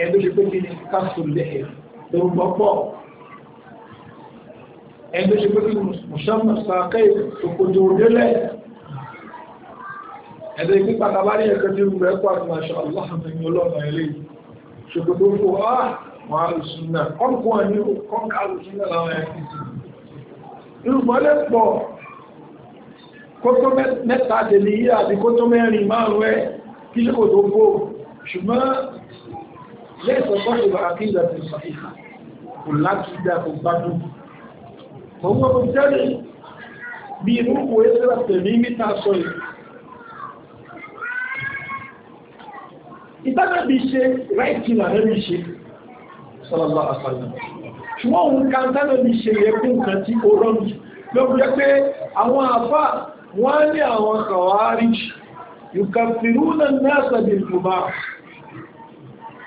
ẹni tó ṣe pé kí ni káṣù lẹ́ẹ̀ tó ń gbọ́ pọ̀ ẹni tó ṣe pé kí ni mùsàmù sàkẹ́ ìtòkòjò délẹ̀ ẹni tó ṣe pàtàkì ẹ̀kọ́ tí ó rẹ̀ pọ̀ àti màṣọ aláhàmì ọlọ́mọ ẹlẹ́yìn ṣòkòtò fò á wọn àlùsùn náà kọ́ńkọ́ ni kọ́ńkà àlùsùn náà làwọn ẹ̀kọ́ sí irúgbọ́lẹ̀ pọ̀ kótó mẹ́ta tẹ̀lé àti kótó mẹ́rin márùn-ún ẹ kí ṣe tó fò ṣùgbọ́n lẹ́sọ̀ sọ́rọ̀ àkídà tó sàíhà kò lákìdá kò gbádùn ọwọ́ kò jẹ́rẹ̀ bí irú kò ẹ́sẹ̀rẹ̀ tẹ̀lé mítà sọ yìí ìtàbí ṣe ráìtì nà rẹ̀ ṣe sọ́lọ́lá àṣàlẹ̀ ṣùgbọ́n òun kan tánàbí ṣe yẹkùn kan tí ó rọ́nù lọ́gbẹ́ pé àwọn àfá wọ́n ní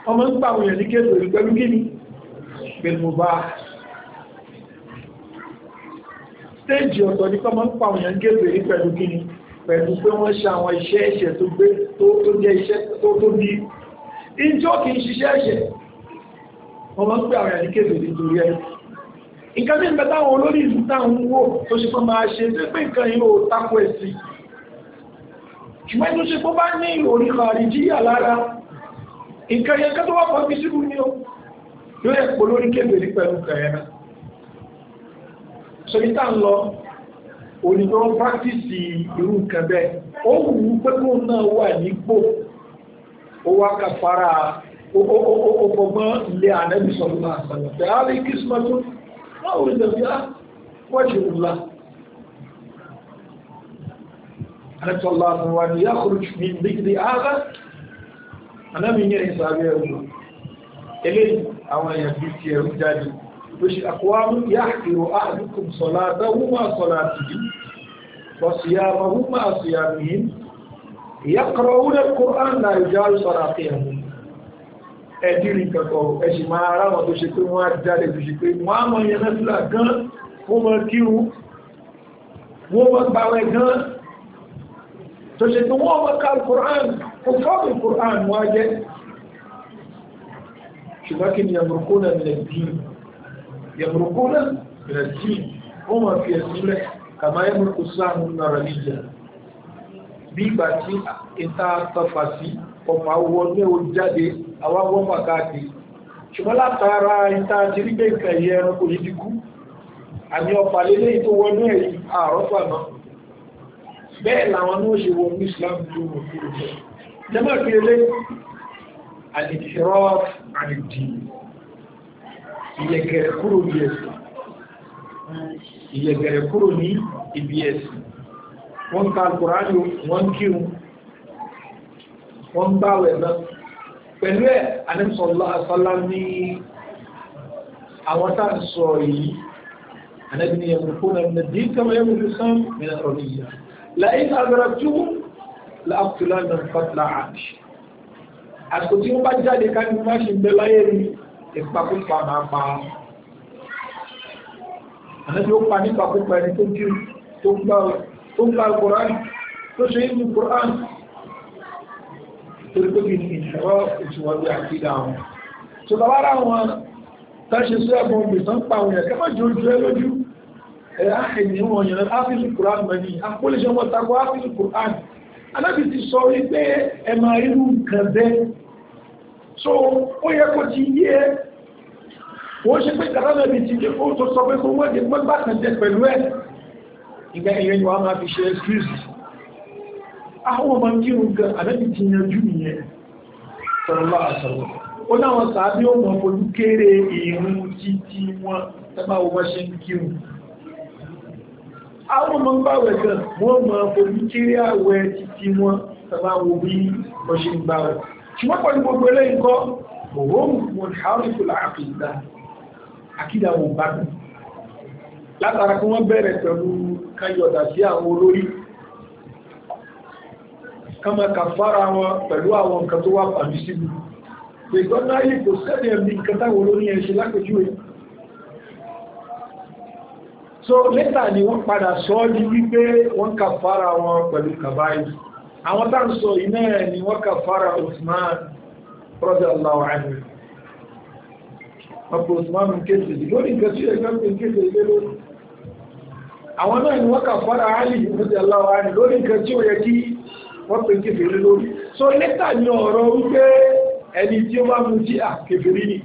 ọmọ ń pa àwọn èèyàn ní kéèkò rí pẹ̀lú kíni pẹ̀lú bá stéèjì ọ̀tọ̀ ní kọ́mọ́ ń pa àwọn èèyàn kéèkò rí pẹ̀lú kíni pẹ̀lú pé wọ́n ṣe àwọn iṣẹ́ ẹ̀ṣẹ̀ tó gbé tó jẹ́ iṣẹ́ tó tó bí ìjọ kì í ṣiṣẹ́ ẹ̀ṣẹ̀ ọmọ ń pè àwọn èèyàn ní kéèkò rí torí ẹ̀ nǹkan tí ń bẹ táwọn olórí ìlú táwọn wò tó ṣe fún máa ṣe tó pé nǹkan yìí ò tako ẹ̀sìn ṣùgbọ́n tó ṣe fún bá ní ìròrí kàríjíyà lára nǹkan yẹn kátó wà pàbí síbú ni ó yóò yẹ pò lórí kébèrè pẹ̀lú kẹ̀yẹ́nà so ìta ń lọ òníjọ́ practice irú nǹkan bẹ́ẹ̀ ó wù ú pé kó náà wà nípò ó wá kàfàrà ọgbọ̀gbọ́n ilé ànẹ́bí sọ̀rọ̀ àṣàlọ̀ tẹ̀ á rí kírísímọ́tò náà ò lè á wọ́jú ńlá àrẹ́tọ̀lá àwọn wà ní yàkùrù ní ìdíkìdí anábì yẹn ìsàbẹ̀ ẹ̀rù eléyìí àwọn èèyàn bí ti ẹ̀rù jáde ló ṣe àkọwàmú yá ìrò àdúkùn sọ̀lá dáwó máa sọ̀lá tìbí wọ̀síyá mahú máa sọ̀yà mìí ìyá kọ̀rọ̀ wúlé kọ̀rán náà ìjà sọ̀rọ̀ àfihàn ẹ̀dìrì kẹ̀kọ̀ ẹ̀ṣì máa ara wọn tó ṣe pé wọ́n á jáde tó ṣe pé wọ́n á mọ ìyẹn lẹ́sílà gan wọ́n mọ kírun wọ́n mọ gbàwẹ̀ gan tó ṣe pé wọ́n mọ kàlùkùrán fòkàbù Qur'an wá jẹ́ ṣùgbọ́n kí ni yàmùrùkúnà mìnàdín yàmùrùkúnà mìnàdín ó máa fi ẹ̀sùn lẹ̀ kàmá yàmùrùkú sáàmù nàrà níjà bí ìgbà tí ìta tọfà sí ọmọ awọ ní o jáde àwọn àwọn pàtàkì ṣùgbọ́n látara ìta ti rí pé nǹkan ẹ̀yẹ ẹranko yìí bẹ́ẹ̀ làwọn náà ṣe wọnú Islam tó wọ́n kúrò bẹ́ẹ̀ jẹ́mọ́ kí elé alìkìrọ́ àìdì ìyẹ̀gẹ̀rẹ̀ kúrò ní ẹ̀sìn ìyẹ̀gẹ̀rẹ̀ kúrò ní ibi ẹ̀sìn wọ́n ka alkùránì wọ́n kírun wọ́n gbáwẹ̀ náà pẹ̀lú ẹ̀ anẹ́sọ̀lá asọ́lá ní àwọn tá à ń sọ yìí anẹ́bìnrin yẹn láàpùtùlá náà fọ́tùlá àti àsìkò tí wọ́n bá jáde ká ní má ṣe ń bẹ láyé rí ìpakúpa máa pa àná tí ó pa ní ìpakúpa ẹni tó jù tó gbà tó gbà koran tó ṣe inú koran torí pé kì í ìṣòro ìṣòwòbí àti ìdáhùn tó bá wára wọn táṣe sí ẹ̀bùn ìgbìsàn pa òun ẹ̀kẹ́ má jò jù ẹ lójú ẹ̀ ẹ̀yìn wọn yẹn áfíìsì koran mẹ́ni àpólíṣẹ́ wọn takọ áfíìsì koran alábì ti sọ wípé ẹ máa irú nǹkan bẹ́ẹ̀ so ó yẹ kó ti yé ẹ wọ́n ṣe pé kàránà bí ti dé ó tó sọ pé kó wọ́n dé mọ́gbà kan jẹ pẹ̀lú ẹ̀ ìgbà ìyẹn ni wọ́n máa fi ṣe excuse àwọn ọmọ kírun gan alábì ti yanjú nìyẹn sọ̀rọ̀lá àṣọ̀rọ̀ ó náwọn sàábí ó mọ̀ fojú kéré ìrún títí wọn tẹ́bà owó ṣe ń kírun àwọn ọmọ ń bá wẹ̀ gan wọ́n mọ̀ fojú kiri àwẹ̀ títí wọn tàbá wo bí wọ́n ṣe ń bá wẹ̀ ṣùgbọ́n pẹ̀lú gbogbo eléyìí kọ́ òun mo ní àwọn ìfòlà àkìdá àkìdá wọn bá mi látara kí wọ́n bẹ̀rẹ̀ pẹ̀lú káyọ̀dà sí àwọn olórí kama kàfàrà wọn pẹ̀lú àwọn nǹkan tó wà pàmì síbi ìgbọ́n náà yìí kò sẹ́ni ẹ̀mí nǹkan táwọn olórí ẹ̀ ṣe lápẹjú èyí so later ni wọ́n padà sọ ọ́ wípé wọ́n kà fara wọn pẹ̀lú kàbáyì àwọn tá sọ iná ẹ̀ ni wọ́n kà fara Usman radiyallahu anhu ọ̀pọ̀ Usman kéfì lórí nǹkan tí ẹ̀gbẹ́ pé kéfì lé lórí àwọn náà ni wọ́n kà fara Ali radiyallahu anhu lórí nǹkan tí ó yẹ kí wọ́n pè kéfì lé lórí so later ni ọ̀rọ̀ wípé ẹni tí ó bá mú jí à kéfì rí ni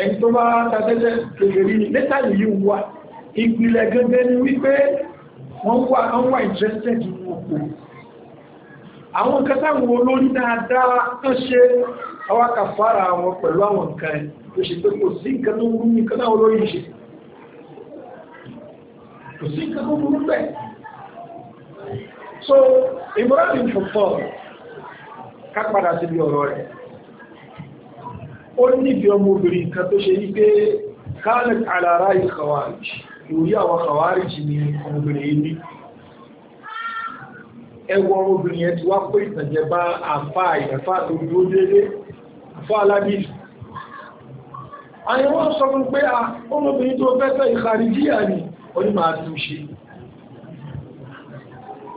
ẹni tó bá tatẹ́tẹ́ kéfì rí ni yìí wà ìpìlẹ̀ gẹ́gẹ́ ni wípé wọ́n wà ọwọ́ interested in òkú àwọn nǹkan táwọn olórí dáadáa tán ṣe awáka fara wọn pẹ̀lú àwọn nǹkan ẹ̀ tó ṣe pé kò sí nǹkan tó ní nǹkan táwọn olórí ṣe kò sí nǹkan tó burú bẹ́ẹ̀ so ìmọ̀ràn ìfọ̀fọ̀ ká padà síbi ọ̀rọ̀ rẹ̀ ó níbi ọmọbìnrin kan tó ṣe wípé kálẹ̀ àlàrá ìkọwàá ìwòye àwọn kàwáríjì ni ọmọbìnrin yìí ní ẹwọ ọmọbìnrin yẹn ti wá pé ìtànjẹ bá àfá ìyàfá tó dúró déédé àfá aládìí àyẹ̀wò sọ fún pé ọmọbìnrin tó fẹ́fẹ́ ìkàríjíyà ni ó ní máa tún ṣe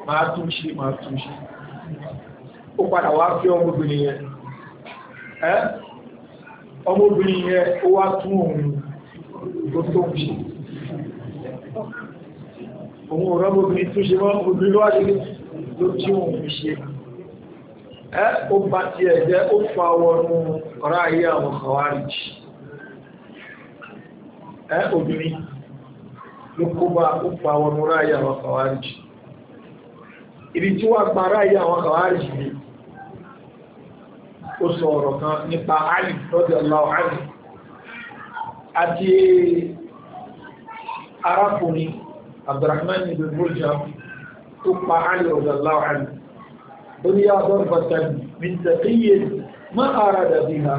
máa tún ṣe máa tún ṣe ó padà wá fi ọmọbìnrin yẹn ó wá tún òun tó tó ń òun ọ̀rọ̀ obìnrin tó ṣe wọ́n obìnrin lọ́wọ́ ṣe ló tí òun fi ṣe ẹ́ ó bá ti ẹ̀jẹ́ ó fa wọnú ọ̀rá ayé àwọn kọwàríjì ẹ́ obìnrin ló kó bá ó fa wọnú ọ̀rá ayé àwọn kọwàríjì ibi tí wọ́n pa ọ̀rá ayé àwọn kọwàríjì ni ó sọ ọ̀rọ̀ kan nípa Àlì lọ́dọ̀ ọ̀la àti arákùnrin abdulrahman ibn burja tó pa ali ọ̀dọ̀lá ali ó ní àbọ̀rọ̀ bàtàlì min taqiyya ma arada biha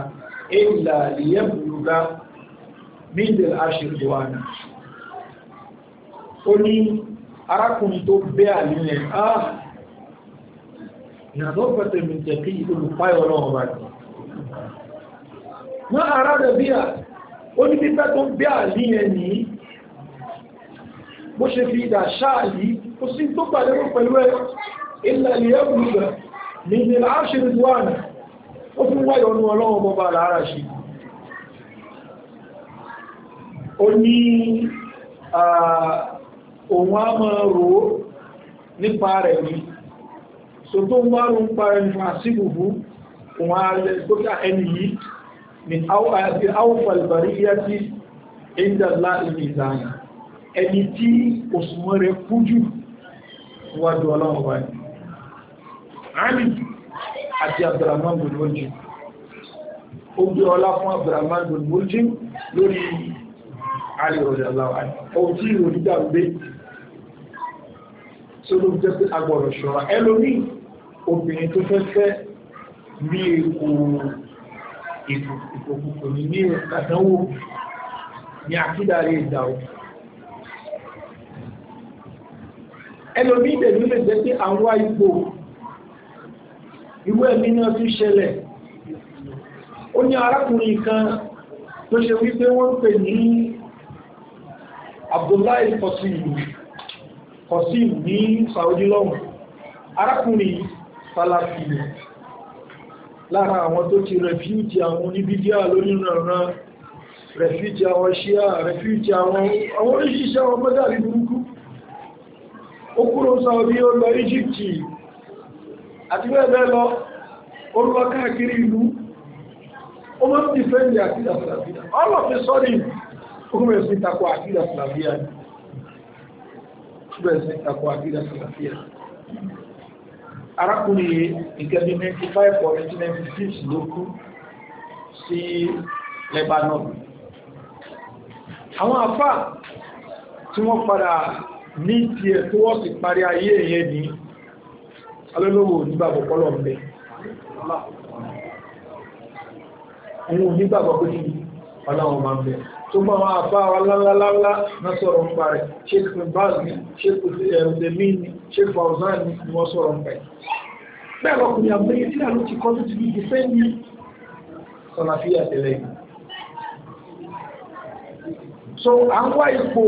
illa liyabluga min al-ashir duwana ó ní arákùnrin tó bẹ́ àlúyẹ̀ ah ìrànlọ́ pẹ̀tẹ̀ mìtẹ̀kí olùpáyọ̀ ọlọ́run bá jù wọ́n ará rẹ̀ bí i ó ní pípẹ́ tó bẹ́ àlúyẹ̀ ní bó ṣe fi ìdà ṣáà yìí kò sí tó pàdéwò pẹ̀lú ẹ ilẹ̀ ìyẹ́bùrúgbà ní ìdílé àṣírí duwánà ó fún wáyọ̀ ọ̀nà ọlọ́wọ́ bọ́bá ara ṣe ó ní òun á mọ́ rò ó nípa rẹ̀ ní so tó ń wárò ń pa ẹni àṣíbùbù òun á lẹ́ tó ká ẹni ẹni tí òṣùwọ̀n rẹ̀ kú jù wájú ọlọ́run wáyé Ali àti Abdurrahman bin Muljim ó gbé ọlá fún Abdurrahman bin Muljim lórí Ali radiyallahu anhu ohun tí ìròyìn dàgbé tó ló jẹ́ pé agbọ̀rọ̀ ṣọ́ra ẹlòmí obìnrin tó fẹ́ bí èkó ìkòkòkò ní àdánwò ní àkídàrí ìdáwó ẹlòmí ìdẹ̀lú lè jẹ́ pé àwọn ipò ìwé ẹ̀mí náà tún ṣẹlẹ̀ ó ní arákùnrin kan tó ṣe wípé wọ́n pè ní Abdullahi Qasim ní Saudi lọ́wọ́ arákùnrin Salafi lára àwọn tó ti rẹ̀fíjì àwọn oníbídíà lónìrànran rẹ̀fíjì àwọn ṣíà rẹ̀fíjì àwọn oríṣiṣẹ́ àwọn mọ́dàrí ó kúrò Saudi ó lọ Íjíptì àti bẹ́ẹ̀ lọ ó lọ káàkiri ìlú ó mọ́ sí fẹ́ndì àkídà Slavia all of a sudden ó bẹ̀rẹ̀ sí takò àkídà Slavia bẹ̀rẹ̀ sí takò àkídà Slavia arákùnrin ìkẹ́bí 95 or 1996 ló kú sí Lebanon àwọn àfáà tí wọ́n padà ní ti ẹ̀ tó wọ́n sì parí ayé èyẹ ní alólówó onígbàgbọ́ pọ́lọ̀ mẹ́ ẹ̀yìn onígbàgbọ́ pé kí ọlọ́run máa mẹ́ tó mọ́ àwọn àfá wa lálálálá náà sọ̀rọ̀ ń parẹ̀ sheik mbaz ni sheik ẹ̀rùdẹ̀mí ni sheik fauzan ni wọ́n sọ̀rọ̀ ń pẹ̀ bẹ́ẹ̀ lọkùnrin àgbẹ̀yẹ tí àlọ́ ti kọ́ tó ti fi gbèsè ní sọ̀nàfíà tẹ̀lẹ́yìn so à ipò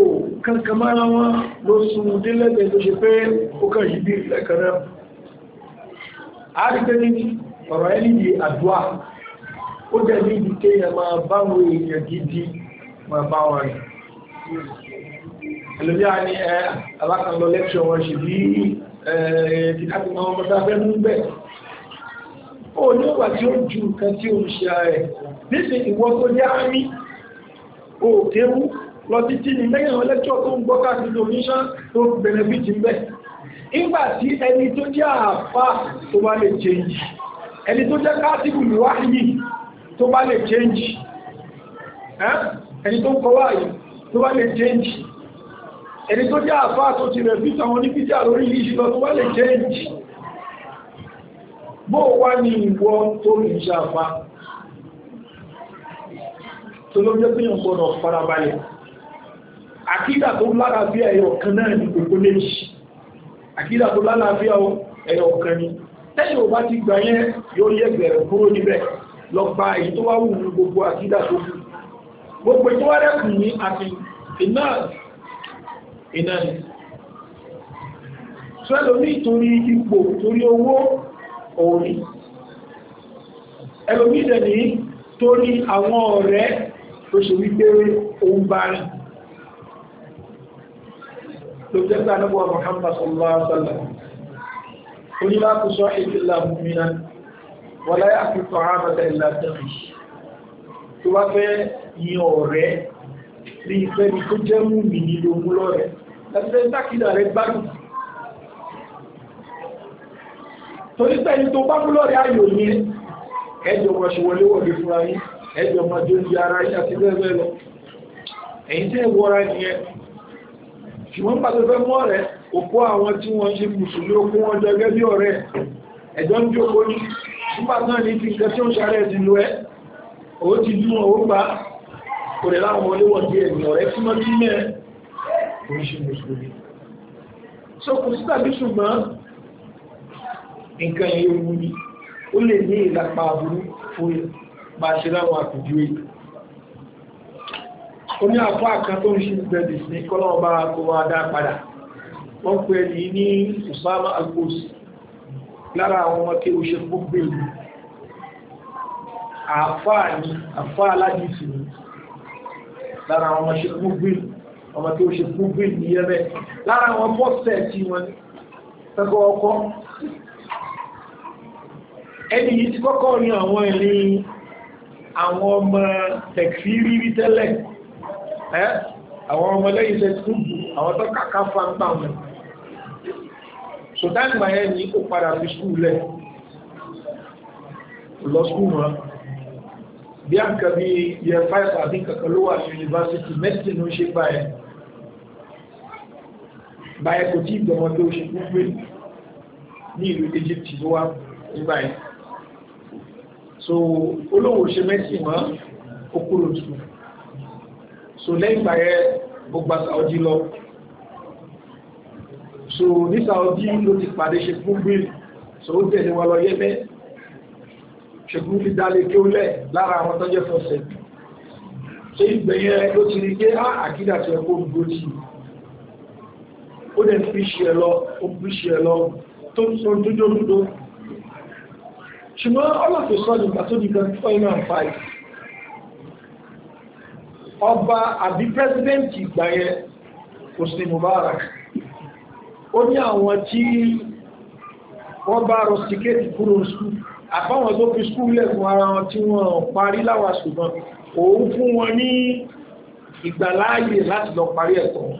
kan mára wọn ló sun délẹ́gbẹ̀ẹ́ tó ṣe pé ó kàn yí bí lẹ́kànnà àrígbé ní ọ̀rọ̀ ẹni di àdúà ó jẹ́ ní ibi tí ẹ máa bá wọn èèyàn gidi ma bá wọn rìn ẹlòmíà ni ẹ alákànlọ lẹ́kṣọ̀ wọn ṣe bí ti láti máa wọn bá fẹ́ mú bẹ́ẹ̀ ó ní ọgbà tí ó ju nǹkan tí ó ń ṣe ààrẹ nísìnyí ìwọ tó jẹ́ àmì ó kéwú lọ sí tí ní lẹ́yìn àwọn lẹ́kṣọ́ tó ń gbọ́ káàkiri oníṣán tó bẹ̀rẹ̀bìtì ń bẹ̀. ìgbà tí ẹni tó jẹ́ àfá tó bá lè change ẹni tó jẹ́ káàkiri wáyé tó bá lè change ẹni tó ń kọ wáyé tó bá lè change ẹni tó jẹ́ àfá tó ti rẹ̀ bíta wọn ní píjà lórí ìṣìlọ tó bá lè change bó wá ní ìwọ tó rí ìṣàfá tó ló jẹ́ pé yàn gbọ́dọ̀ farabalẹ̀ àkídà tó lálàáfíà ẹ̀yọ̀ kan náà ní gbogbo méjì àkídà tó lálàáfíà ẹ̀yọ̀ kan ní tẹ́yìn ò bá ti gbà yẹn yóò yẹ gbẹ̀rẹ̀ kúrò níbẹ̀ lọ gba èyí tó wá wù ní gbogbo àkídà tó kù gbogbo tó wá rẹ̀kùn ní àti iná iná ni ṣẹlòmí torí ipò torí owó òní ẹlòmí ní torí àwọn ọ̀rẹ́ tó ṣe wípé ohun bá rìn ló jẹ́ pé anábọ̀ Muhammad sallallahu alaihi wa sallam ó ní láti sọ ìdílà mìíràn wọ́n láyé àfihàn àmàlà ìlà tẹ̀lé tó wá fẹ́ yin ọ̀rẹ́ ní ìfẹ́ ni tó jẹ́ mú mi nílò mú lọ́rẹ̀ ẹgbẹ́ sákìlà rẹ̀ gbádùn torí ṣùgbọ́n pàtó fẹ́ mọ́ rẹ̀ òkú àwọn tí wọ́n ṣe mùsùlùmí okú wọn jọ gẹ́gẹ́ bí ọ̀rẹ́ ẹ̀jọ́ ń jókòó ní nígbà náà ní ti nǹkan tí ó ń ṣàrẹ́ ti lu ẹ́ o ti dún òun gbà kò rẹ̀ láwọn oléwọ̀ díẹ̀ ní ọ̀rẹ́ tí wọ́n ti mẹ́ kò ṣe mùsùlùmí so kò sí tàbí ṣùgbọ́n nǹkan ó ní àpá àkan tó ń ṣe bẹ̀bì ní kọ́lọ́ọ̀bá kó wá dá padà wọ́n pè ní ní Usama Al-Quds lára àwọn ọmọ kí o ṣe gbogbo ìlú àfáà ní àfáà aládìsì ní lára àwọn ọmọ ṣe gbogbo ìlú ọmọ kí o ṣe gbogbo ìlú àwọn ọmọ tẹ̀kì rírí tẹ́lẹ̀ ẹ́ àwọn ọmọ lẹ́yìn ṣe tún àwọn tó kàkà fáńgbà wọn sọ̀tàn ìgbà yẹn ní kò padà fi skúù lẹ̀ lọ skúù wọn bí a kà bí yẹ fáìfà àbí kankan ló wà yunifásitì mẹ́tìrì ló ṣe gbà yẹn kò tí ìgbọ̀mọ̀ tó ṣe gbogbo ní ìlú Egypt ló wà nígbà yẹn so olówó ṣe mẹ́tìrì wọn ó kúrò tuntun so lẹ́yìn ìgbà yẹn ó gba Saudi lọ so ní Saudi ló ti pàdé ṣe fún bíl so ó tẹ̀lé wa lọ yẹ́mẹ́ ṣègùn ti dálé kí ó lẹ̀ lára àwọn tọ́jẹ́ fọ́sẹ̀ ṣe ìgbẹ̀yẹn ló ti rí pé á ah, àkídà ti ẹkọ́ gbòtì ó dẹ̀ fi ṣe lọ ó fi ṣe lọ tó ń sọ dúdó dúdó ṣùgbọ́n ọlọ́fẹ́ sọ́ọ̀lù pàtó di gan 2005 ọba àbí pẹ́sidẹ́ntì ìgbà yẹn Hosni Mubarak ó ní àwọn tí wọ́n bá rọ̀stíkéètì kúrò skúl àbáwọn tó fi skúl lẹ́kùn ara wọn tí wọ́n parí láwà ṣùgbọ́n òun fún wọn ní ìgbàláàyè láti lọ parí ẹ̀kọ́ wọn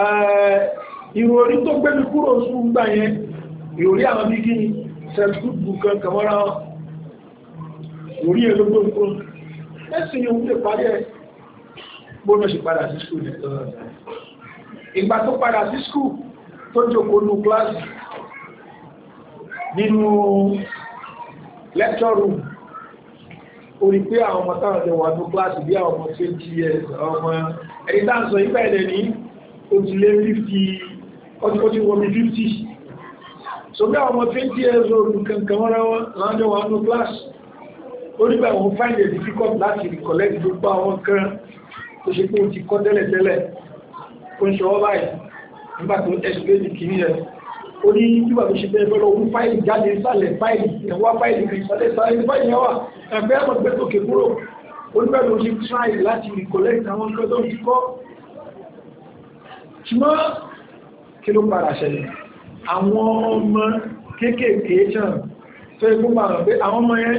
ah, eh, ìròrí tó gbẹ́mi kúrò skúl gbà yẹn ìròrí àwọn bí kí ni sẹ́lùkùkù kan kàmọ́ra orí ẹlógbó nǹkan lẹ́sìn yóò lè parí ẹ̀ gbóná ṣe padà sí skul nìkan ìgbà tó padà sí skul tó jókòó nù kíláàsì nínú lecture room orí pé àwọn ọmọ táwọn ọdẹ wà ní kíláàsì bí àwọn ọmọ twenty years àwọn ọmọ ẹni tá à ń sọ yípa ẹ̀dẹ̀ ní ó ti lé fifty ó ti so bí àwọn 20 years old kankan wọ́n rẹ́wọ́n láńjọ́ wà ní class ó nígbà wọn find it difficult láti recollect gbogbo àwọn kan tó ṣe pé ó ti kọ́ tẹ́lẹ̀tẹ́lẹ̀ ó ń ṣọwọ́ báyìí nígbà tó explain the kìíní ẹ̀ ó ní nígbà tó ṣe bẹ́ẹ̀ bẹ́ẹ̀ lọ wú fáìlì jáde sálẹ̀ fáìlì ẹ̀wá fáìlì kan ìsàlẹ̀ sálẹ̀ fáìlì yẹn wà ẹ̀fẹ́ ẹ̀mọ̀ gbé tòkè kúrò ó nígbà tó ṣe try láti recollect àwọn kan tó ti kọ́ ṣùgbọ́n kí ló padà ṣẹlẹ̀ àwọn ọmọ kéékèèké ṣàn tó ikú máa rẹ̀ pé àwọn ọmọ yẹn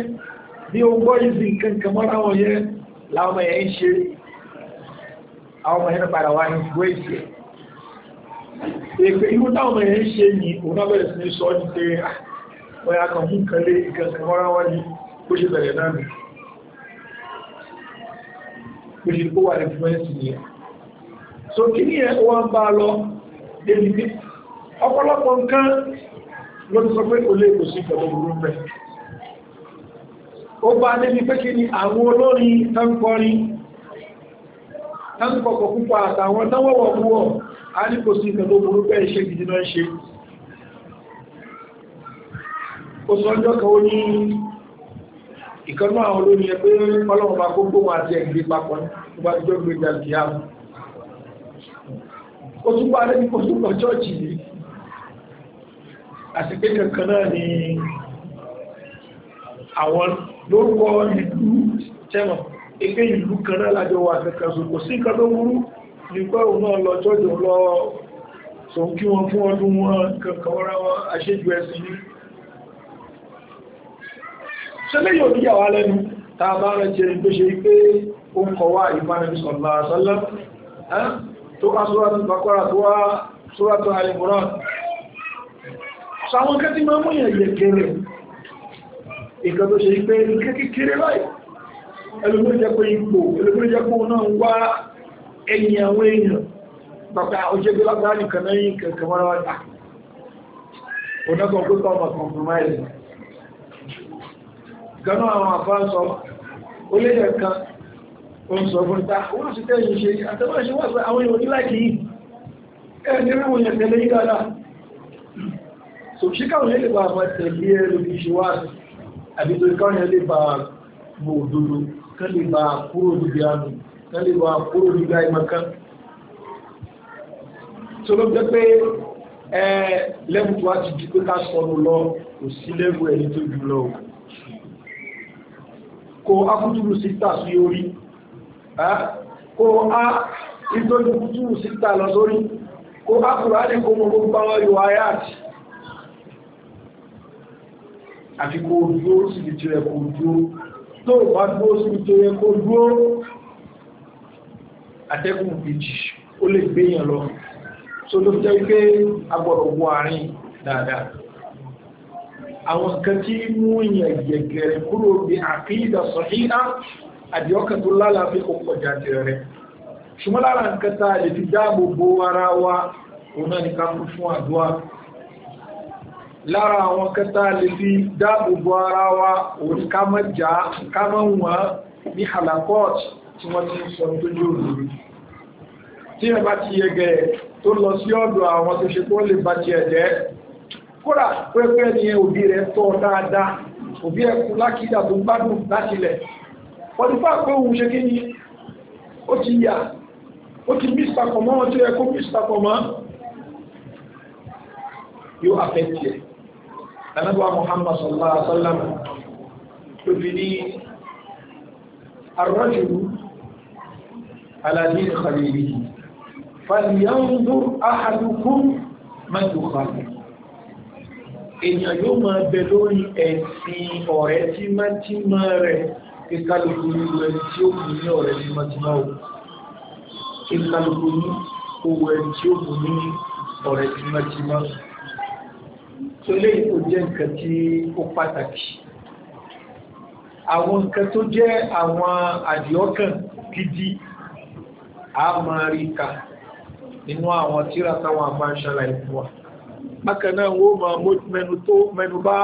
bí ó gbọ́ ìsì kankan mọ́ra wọn yẹn láwọn ọmọ yẹn ń ṣe àwọn ọmọ yẹn padà wá influence èpè irú táwọn ọmọ yẹn ń ṣe ní onábẹ̀rẹ̀ sí ní sọ ní pé ah, wọ́n yá kan fún kan lé ìkankan mọ́ra wọn ní bó ṣe bẹ̀rẹ̀ náà nù bó ṣe kó so kí ni ẹ wọ́n bá lọ débi ọ̀pọ̀lọpọ̀ nǹkan ló ti sọ pé olè kò sí pẹ̀lú burú pẹ̀ ó bá níbi pé kí ni àwọn olórin tánkọrin tánkọkọ̀ púpọ̀ àtàwọn táwọ̀wọ̀ púpọ̀ a ní kò sí pẹ̀lú burú pẹ̀ ṣe gidi náà ṣe ó sọ ọjọ́ kan ó ní ìkan náà àwọn olórin ẹgbẹ́ ọlọ́run bá gbogbo wọn àti ẹ̀gbẹ́ papọ̀ tó bá jọ gbé jàǹkì á ó tún bá lẹ́yìn kó tún lọ ṣọ́ọ̀ṣì àti pé kankan náà ni àwọn lórúkọ ìlú tẹ́mọ̀ ipé ìlú kan náà lájọ wà kankan so kò sí nǹkan tó burú ní pé òun náà lọ jọ́jọ́ lọ so kí wọ́n fún ọdún wọn kankan wọ́n ráwọ́ aṣẹ́jú ẹ̀sìn ní ṣẹlẹ̀ yóò ní yàwá lẹ́nu ta bá rẹ̀ jẹ́ tó ṣe pé ó ń kọwà ìbánibí sàwọn kẹ́ tí máa mú yẹn yẹ kéré ìkan tó ṣe pé nǹkan kékeré báyìí ẹlòmí jẹ́ pé ipò ẹlòmí jẹ́ pé náà ń wá ẹ̀yìn àwọn èèyàn bàbá òjèbí lágbára nìkan náà yìí kankan wọ́n wá dà onákan tó tọ́ ọmọ compromise gánà àwọn àfáà sọ ó lé ẹ̀kan ó ń sọ fún wọ́n sì tẹ́lẹ̀ yìí dáadáa ṣé káwọn yẹn lè bá àwọn tẹ̀lé ẹ lórí ṣe wá àbí torí káwọn yẹn lè bá bo òdodo kán lè bá kúrò níbi àánú kán lè bá kúrò níbi àìmọ̀kan. tó ló jẹ́ pé ẹ lẹ́mú tó wá ti di pé ká sọnù lọ kò sí lẹ́mú ẹni tó jù lọ o kó akútúrú síta sí orí kó á ìtọ́jú kútúrú síta lọ sórí kó á kùrá ní kó mọ̀ gbogbo àwọn yòó ayáàtì àti kó dúró síbi tí ẹ kó dúró tó bá dúró síbi tó yẹ kó dúró atẹ́kùn kejì ó lè gbéyàn lọ so ló jẹ́ wípé agbọ̀rọ̀ wọ àárín dáadáa àwọn kan tí mú yàn gẹ̀gẹ̀rẹ̀ kúrò bí àkídà sọ̀híhá àdíọ́kà tó lálàáfíà ó kọjá tirẹ̀ ṣùgbọ́n lára nǹkan tá lè fi dáàbò bo ara wa òun náà ní ká kún fún àdúrà lára àwọn kẹta lè fi dáàbòbò ara wa òun ká mọ́ ní halakot tí wọ́n ti sọ tó ní tí ẹ bá ti yẹgẹ tó lọ sí ọ̀dọ̀ àwọn tó ṣe tó lè bá ti ẹ̀jẹ́ kódà pẹ́pẹ́ ni òbí rẹ̀ tọ́ dáadáa òbí ẹ̀kú lákìdá tó gbádùn láti lẹ̀ pọ̀lúfà pé òun ṣe kí ni ó ti yà ó ti mísàkọ̀mọ́ tó yẹ kó mísàkọ̀mọ́ yóò affect ẹ̀ anábọ̀ Muhammad sallallahu alaihi wasallam tó fi ní arrajulu ala dini khalilihi falyanzur ahadukum man yukhalil èèyàn yóò máa bẹ lórí ẹ̀sìn ọ̀rẹ́ tímátímá rẹ̀ kíkálukú nínú ẹni tí ó mú ní ọ̀rẹ́ tímátímá o kíkálukú ní owó ẹni tí ó mú ní ọ̀rẹ́ tímátímá o so eléyìí kò jẹ́ nǹkan tí ó pàtàkì àwọn nǹkan tó jẹ́ àwọn àdìọ́kàn gidi a máa rí ka nínú àwọn tíra táwọn àbáṣára ìfún wa bákan náà wọ́n máa mẹ́nu tó mẹ́nu bá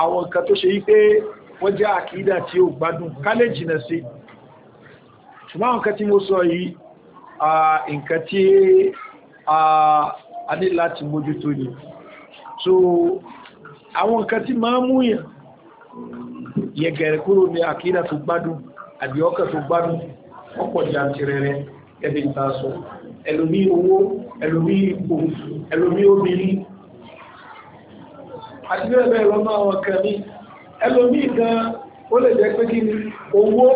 àwọn nǹkan tó ṣe wípé wọ́n jẹ́ àkídà tí ó gbádùn kálẹ̀ jìnà sí ṣùgbọ́n nǹkan tí mo sọ yìí nǹkan tí a ní láti mójútó ni so àwọn nǹkan tí máa mú yàn yẹ̀gẹ̀rẹ̀ kúrò ní àkídà tó gbádùn àbí ọkàn tó gbádùn ọ̀pọ̀ jàǹtìrẹ rẹ ẹbí ìta sọ ẹlòmí owó ẹlòmí ipò ẹlòmí obìnrin àti bẹ́ẹ̀ bẹ́ẹ̀ lọ́nà àwọn kan ní ẹlòmí gan ó lè jẹ́ pé kí ni owó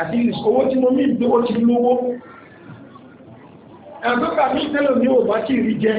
àti owó tí mo mí gbé ó ti lówó ẹ̀gbọ́n kàmí tẹ́lòmí ò bá ti rí jẹ́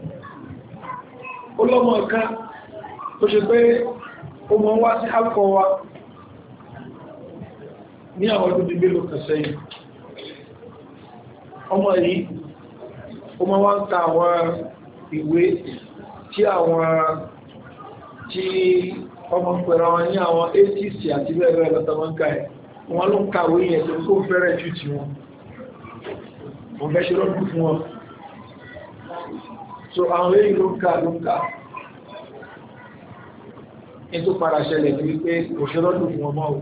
olọ́mọ kan tó ṣe pé o mọ́ wá sí àkọ́ wa ní àwọn ọdún bíbí ló kàn sẹ́yìn ọmọ yìí o mọ́ wá ń ta àwọn ìwé tí àwọn tí ọmọ pẹ̀rọ wọn ní àwọn 80s àti bẹ́ẹ̀rẹ́ lọ́tọ̀mọ́ká ẹ̀ wọ́n ló ń kàwé yẹn tó kó fẹ́rẹ̀ jù tí wọn so àwọn èyí ló ń ká ló ń ká ní tó padà ṣẹlẹ̀ ní wípé òṣèlọ́dún fún ọmọ o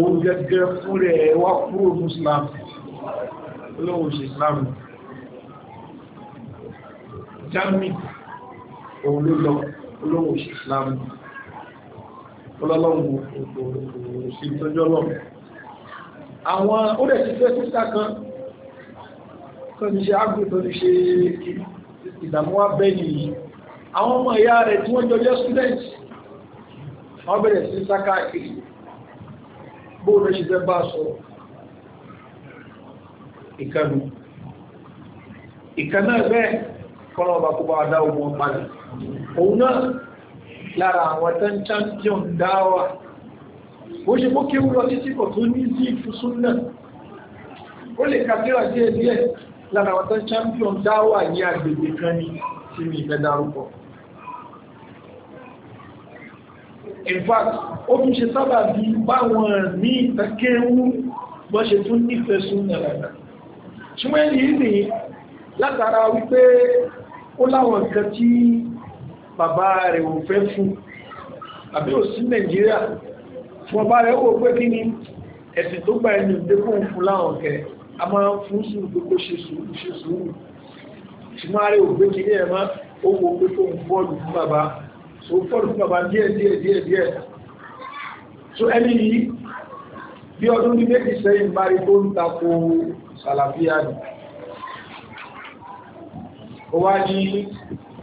òun gẹ́gẹ́ fún rẹ̀ wá kúrò ní Islam olóhùn sí Islam jami òun ló lọ olóhùn sí Islam olólọ́wọ́ òṣèlú tọ́jọ́ lọ àwọn ó dẹ̀ ti fẹ́ sísá kan tó ti ṣe ágbè tó ti ṣe ìdààmú abẹ́ nìyí àwọn ọmọ ìyá rẹ̀ tí wọ́n jọjọ́ student wọ́n bẹ̀rẹ̀ sí sáká kiri bóòrò ṣe fẹ́ bá sọ̀rọ̀ ìkanu ìkanu ẹgbẹ́ kọ́nà ọba kó bá dá ọmọ padà òun náà lára àwọn tán champion dáwà ó ṣe kó kéwú lọ títí kò tó ní sí ìfúsúnnà ó lè kàtírà díẹ̀ díẹ̀ lára wọn tó champion dáwà ní agbègbè kan ní tí mi ìfẹ́ dárúkọ in fact ó tún ṣe sábà bí báwọn ní ìtàkéwú bọ́ ṣe tún nífẹ̀ẹ́ sún nàrànà ṣùgbọ́n yìí ni látara wípé ó láwọn nǹkan tí bàbá rẹ̀ ò fẹ́ fún àbí ò sí nàìjíríà fún ọba rẹ̀ wò pé kí ni ẹ̀sìn tó gba ẹni ìdẹ́kùn fún láwọn kẹrẹ̀ a máa fún sùúrù pé kó ṣe sùúrù ṣe sùúrù ṣùgbọ́n ààrẹ ògbé kiri ẹ̀ máa ó wo pé kó ń fọ́ọ̀lù fún bàbá so fọ́ọ̀lù fún bàbá díẹ̀ díẹ̀ díẹ̀ díẹ̀ so ẹni yìí bí ọdún ní méjì sẹ́yìn bá rí tó ń tako sàlàfíà nì ó wá ní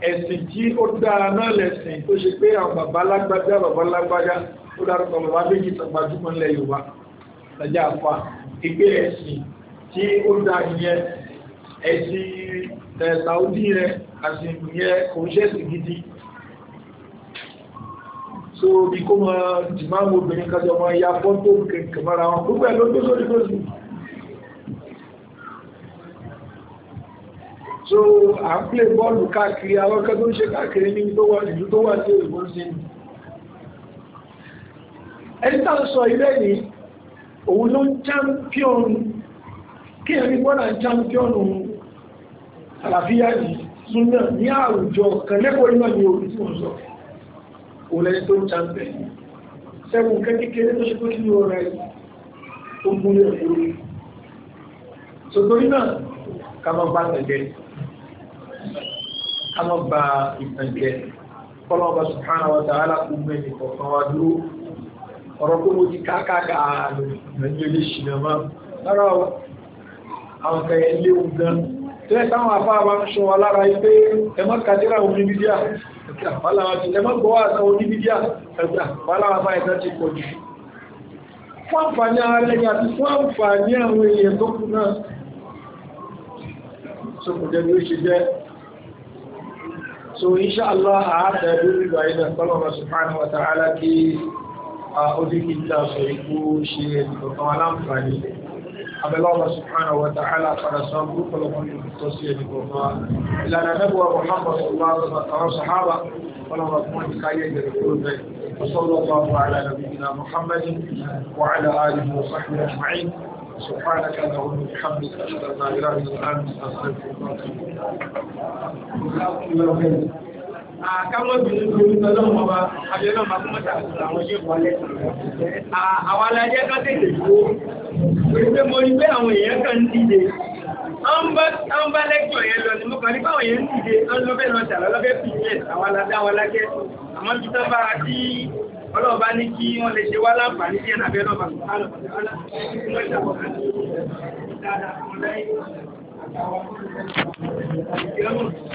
ẹ̀sìn tí ó dára náà lẹ̀sìn tó ṣe pé àwọn bàbá lágbájá bàbá lágbájá ó dárúkọ bàbá méjì tàgbàjúmọ̀ lẹ́yìn wa lọ́jà àpá ìgbé ẹ̀sìn tí ó dá ìyẹn ẹ̀sì Saudi rẹ̀ àti ìyẹn oúnjẹ́sì gidi so bí kó mọ jìmáàmù obìnrin kájọ mọ ya fọ́tò kẹ̀kẹ̀ mara wọn gbogbo ẹ̀ ló tó sórí tó sì so à ń play bọ́ọ̀lù káàkiri àwọn kan tó ń ṣe káàkiri ní ìlú tó wà sí òyìnbó sí ni ẹni tá ń sọ ilé yìí òun ló ń champion kí ẹni gbọ́nà championu àlàáfíà yìí súnmọ̀ ní àwùjọ kan lẹ́kọ̀ọ́ iná ní orí tí wọ́n sọ òlẹ́ni tó ń champion sẹ́wọ̀n kékeré tó ṣe tó kí ní ọ̀rẹ́ ogun ní ọ̀rẹ́ sotori náà ká mọ́ bá tẹ̀jẹ́ ká mọ́ bá ìtẹ̀jẹ́ kọ́lọ́ọ̀bá subhanahu wa ta'ala kú mẹ́ni kọ̀ọ̀kan wá dúró ọ̀rọ̀ pé mo ti káàkàkà ààrùn nàìjíríà ṣìnà máa rárá àwọn kẹ̀yẹ ilé ogun tẹ́ táwọn afá wa ń ṣọ alára ipé ẹmọ́ kàdírà oníbídíà ẹmọ́ gbọ́wà kan oníbídíà ẹgbẹ́ àpáláwà bá ẹ̀dá ti pọ̀ jù fún àǹfààní ara ẹni àti fún àǹfààní àwọn èèyàn tó kù náà so kò jẹ́ bí ó ṣe lórí ìgbà ilẹ̀ pẹ́lọ́mọ̀ subhanahu wa ta'ala kí ó dé kí ikú ṣe ẹ̀dùn kan aláǹfààní abẹ́lọ́wọ́ sùhánà wata aláfàdásán gúrùpọ̀lọpọ̀ tó sí ẹni gbogbo ìlànà mẹ́bùwà Muhammad sallallahu sahaba ọlọ́wọ́ fún ìkáyé ìdẹ̀rẹ̀ kúrò bẹ́ẹ̀ sallallahu ala nabiyyina Muhammadin wa ala alihi wa sahbihi ajma'in سبحانك اللهم وبحمدك اشهد ان لا اله الا انت استغفرك واتوب اليك àkámọ́bìnrin tó ní tọ́lọ́mọ wa abẹ́rẹ́ máa fún mọ́ta àti àwọn ilé ìwọlẹ̀. Àwọn alájẹ́ kan tètè tó pé mo rí pé àwọn èèyàn kan ń dìde. Wọ́n bá lẹ́kọ̀ọ́ yẹn lọ ní mo kàn ní báwọn yẹn ń dìde, wọ́n lọ bẹ́ẹ̀ lọ tààrà lọ́bẹ̀ pìlẹ̀ àwọn alájẹ́ àwọn alájẹ́. Àmọ́ bí tán bá tí ọlọ́ọ̀bá Thank you.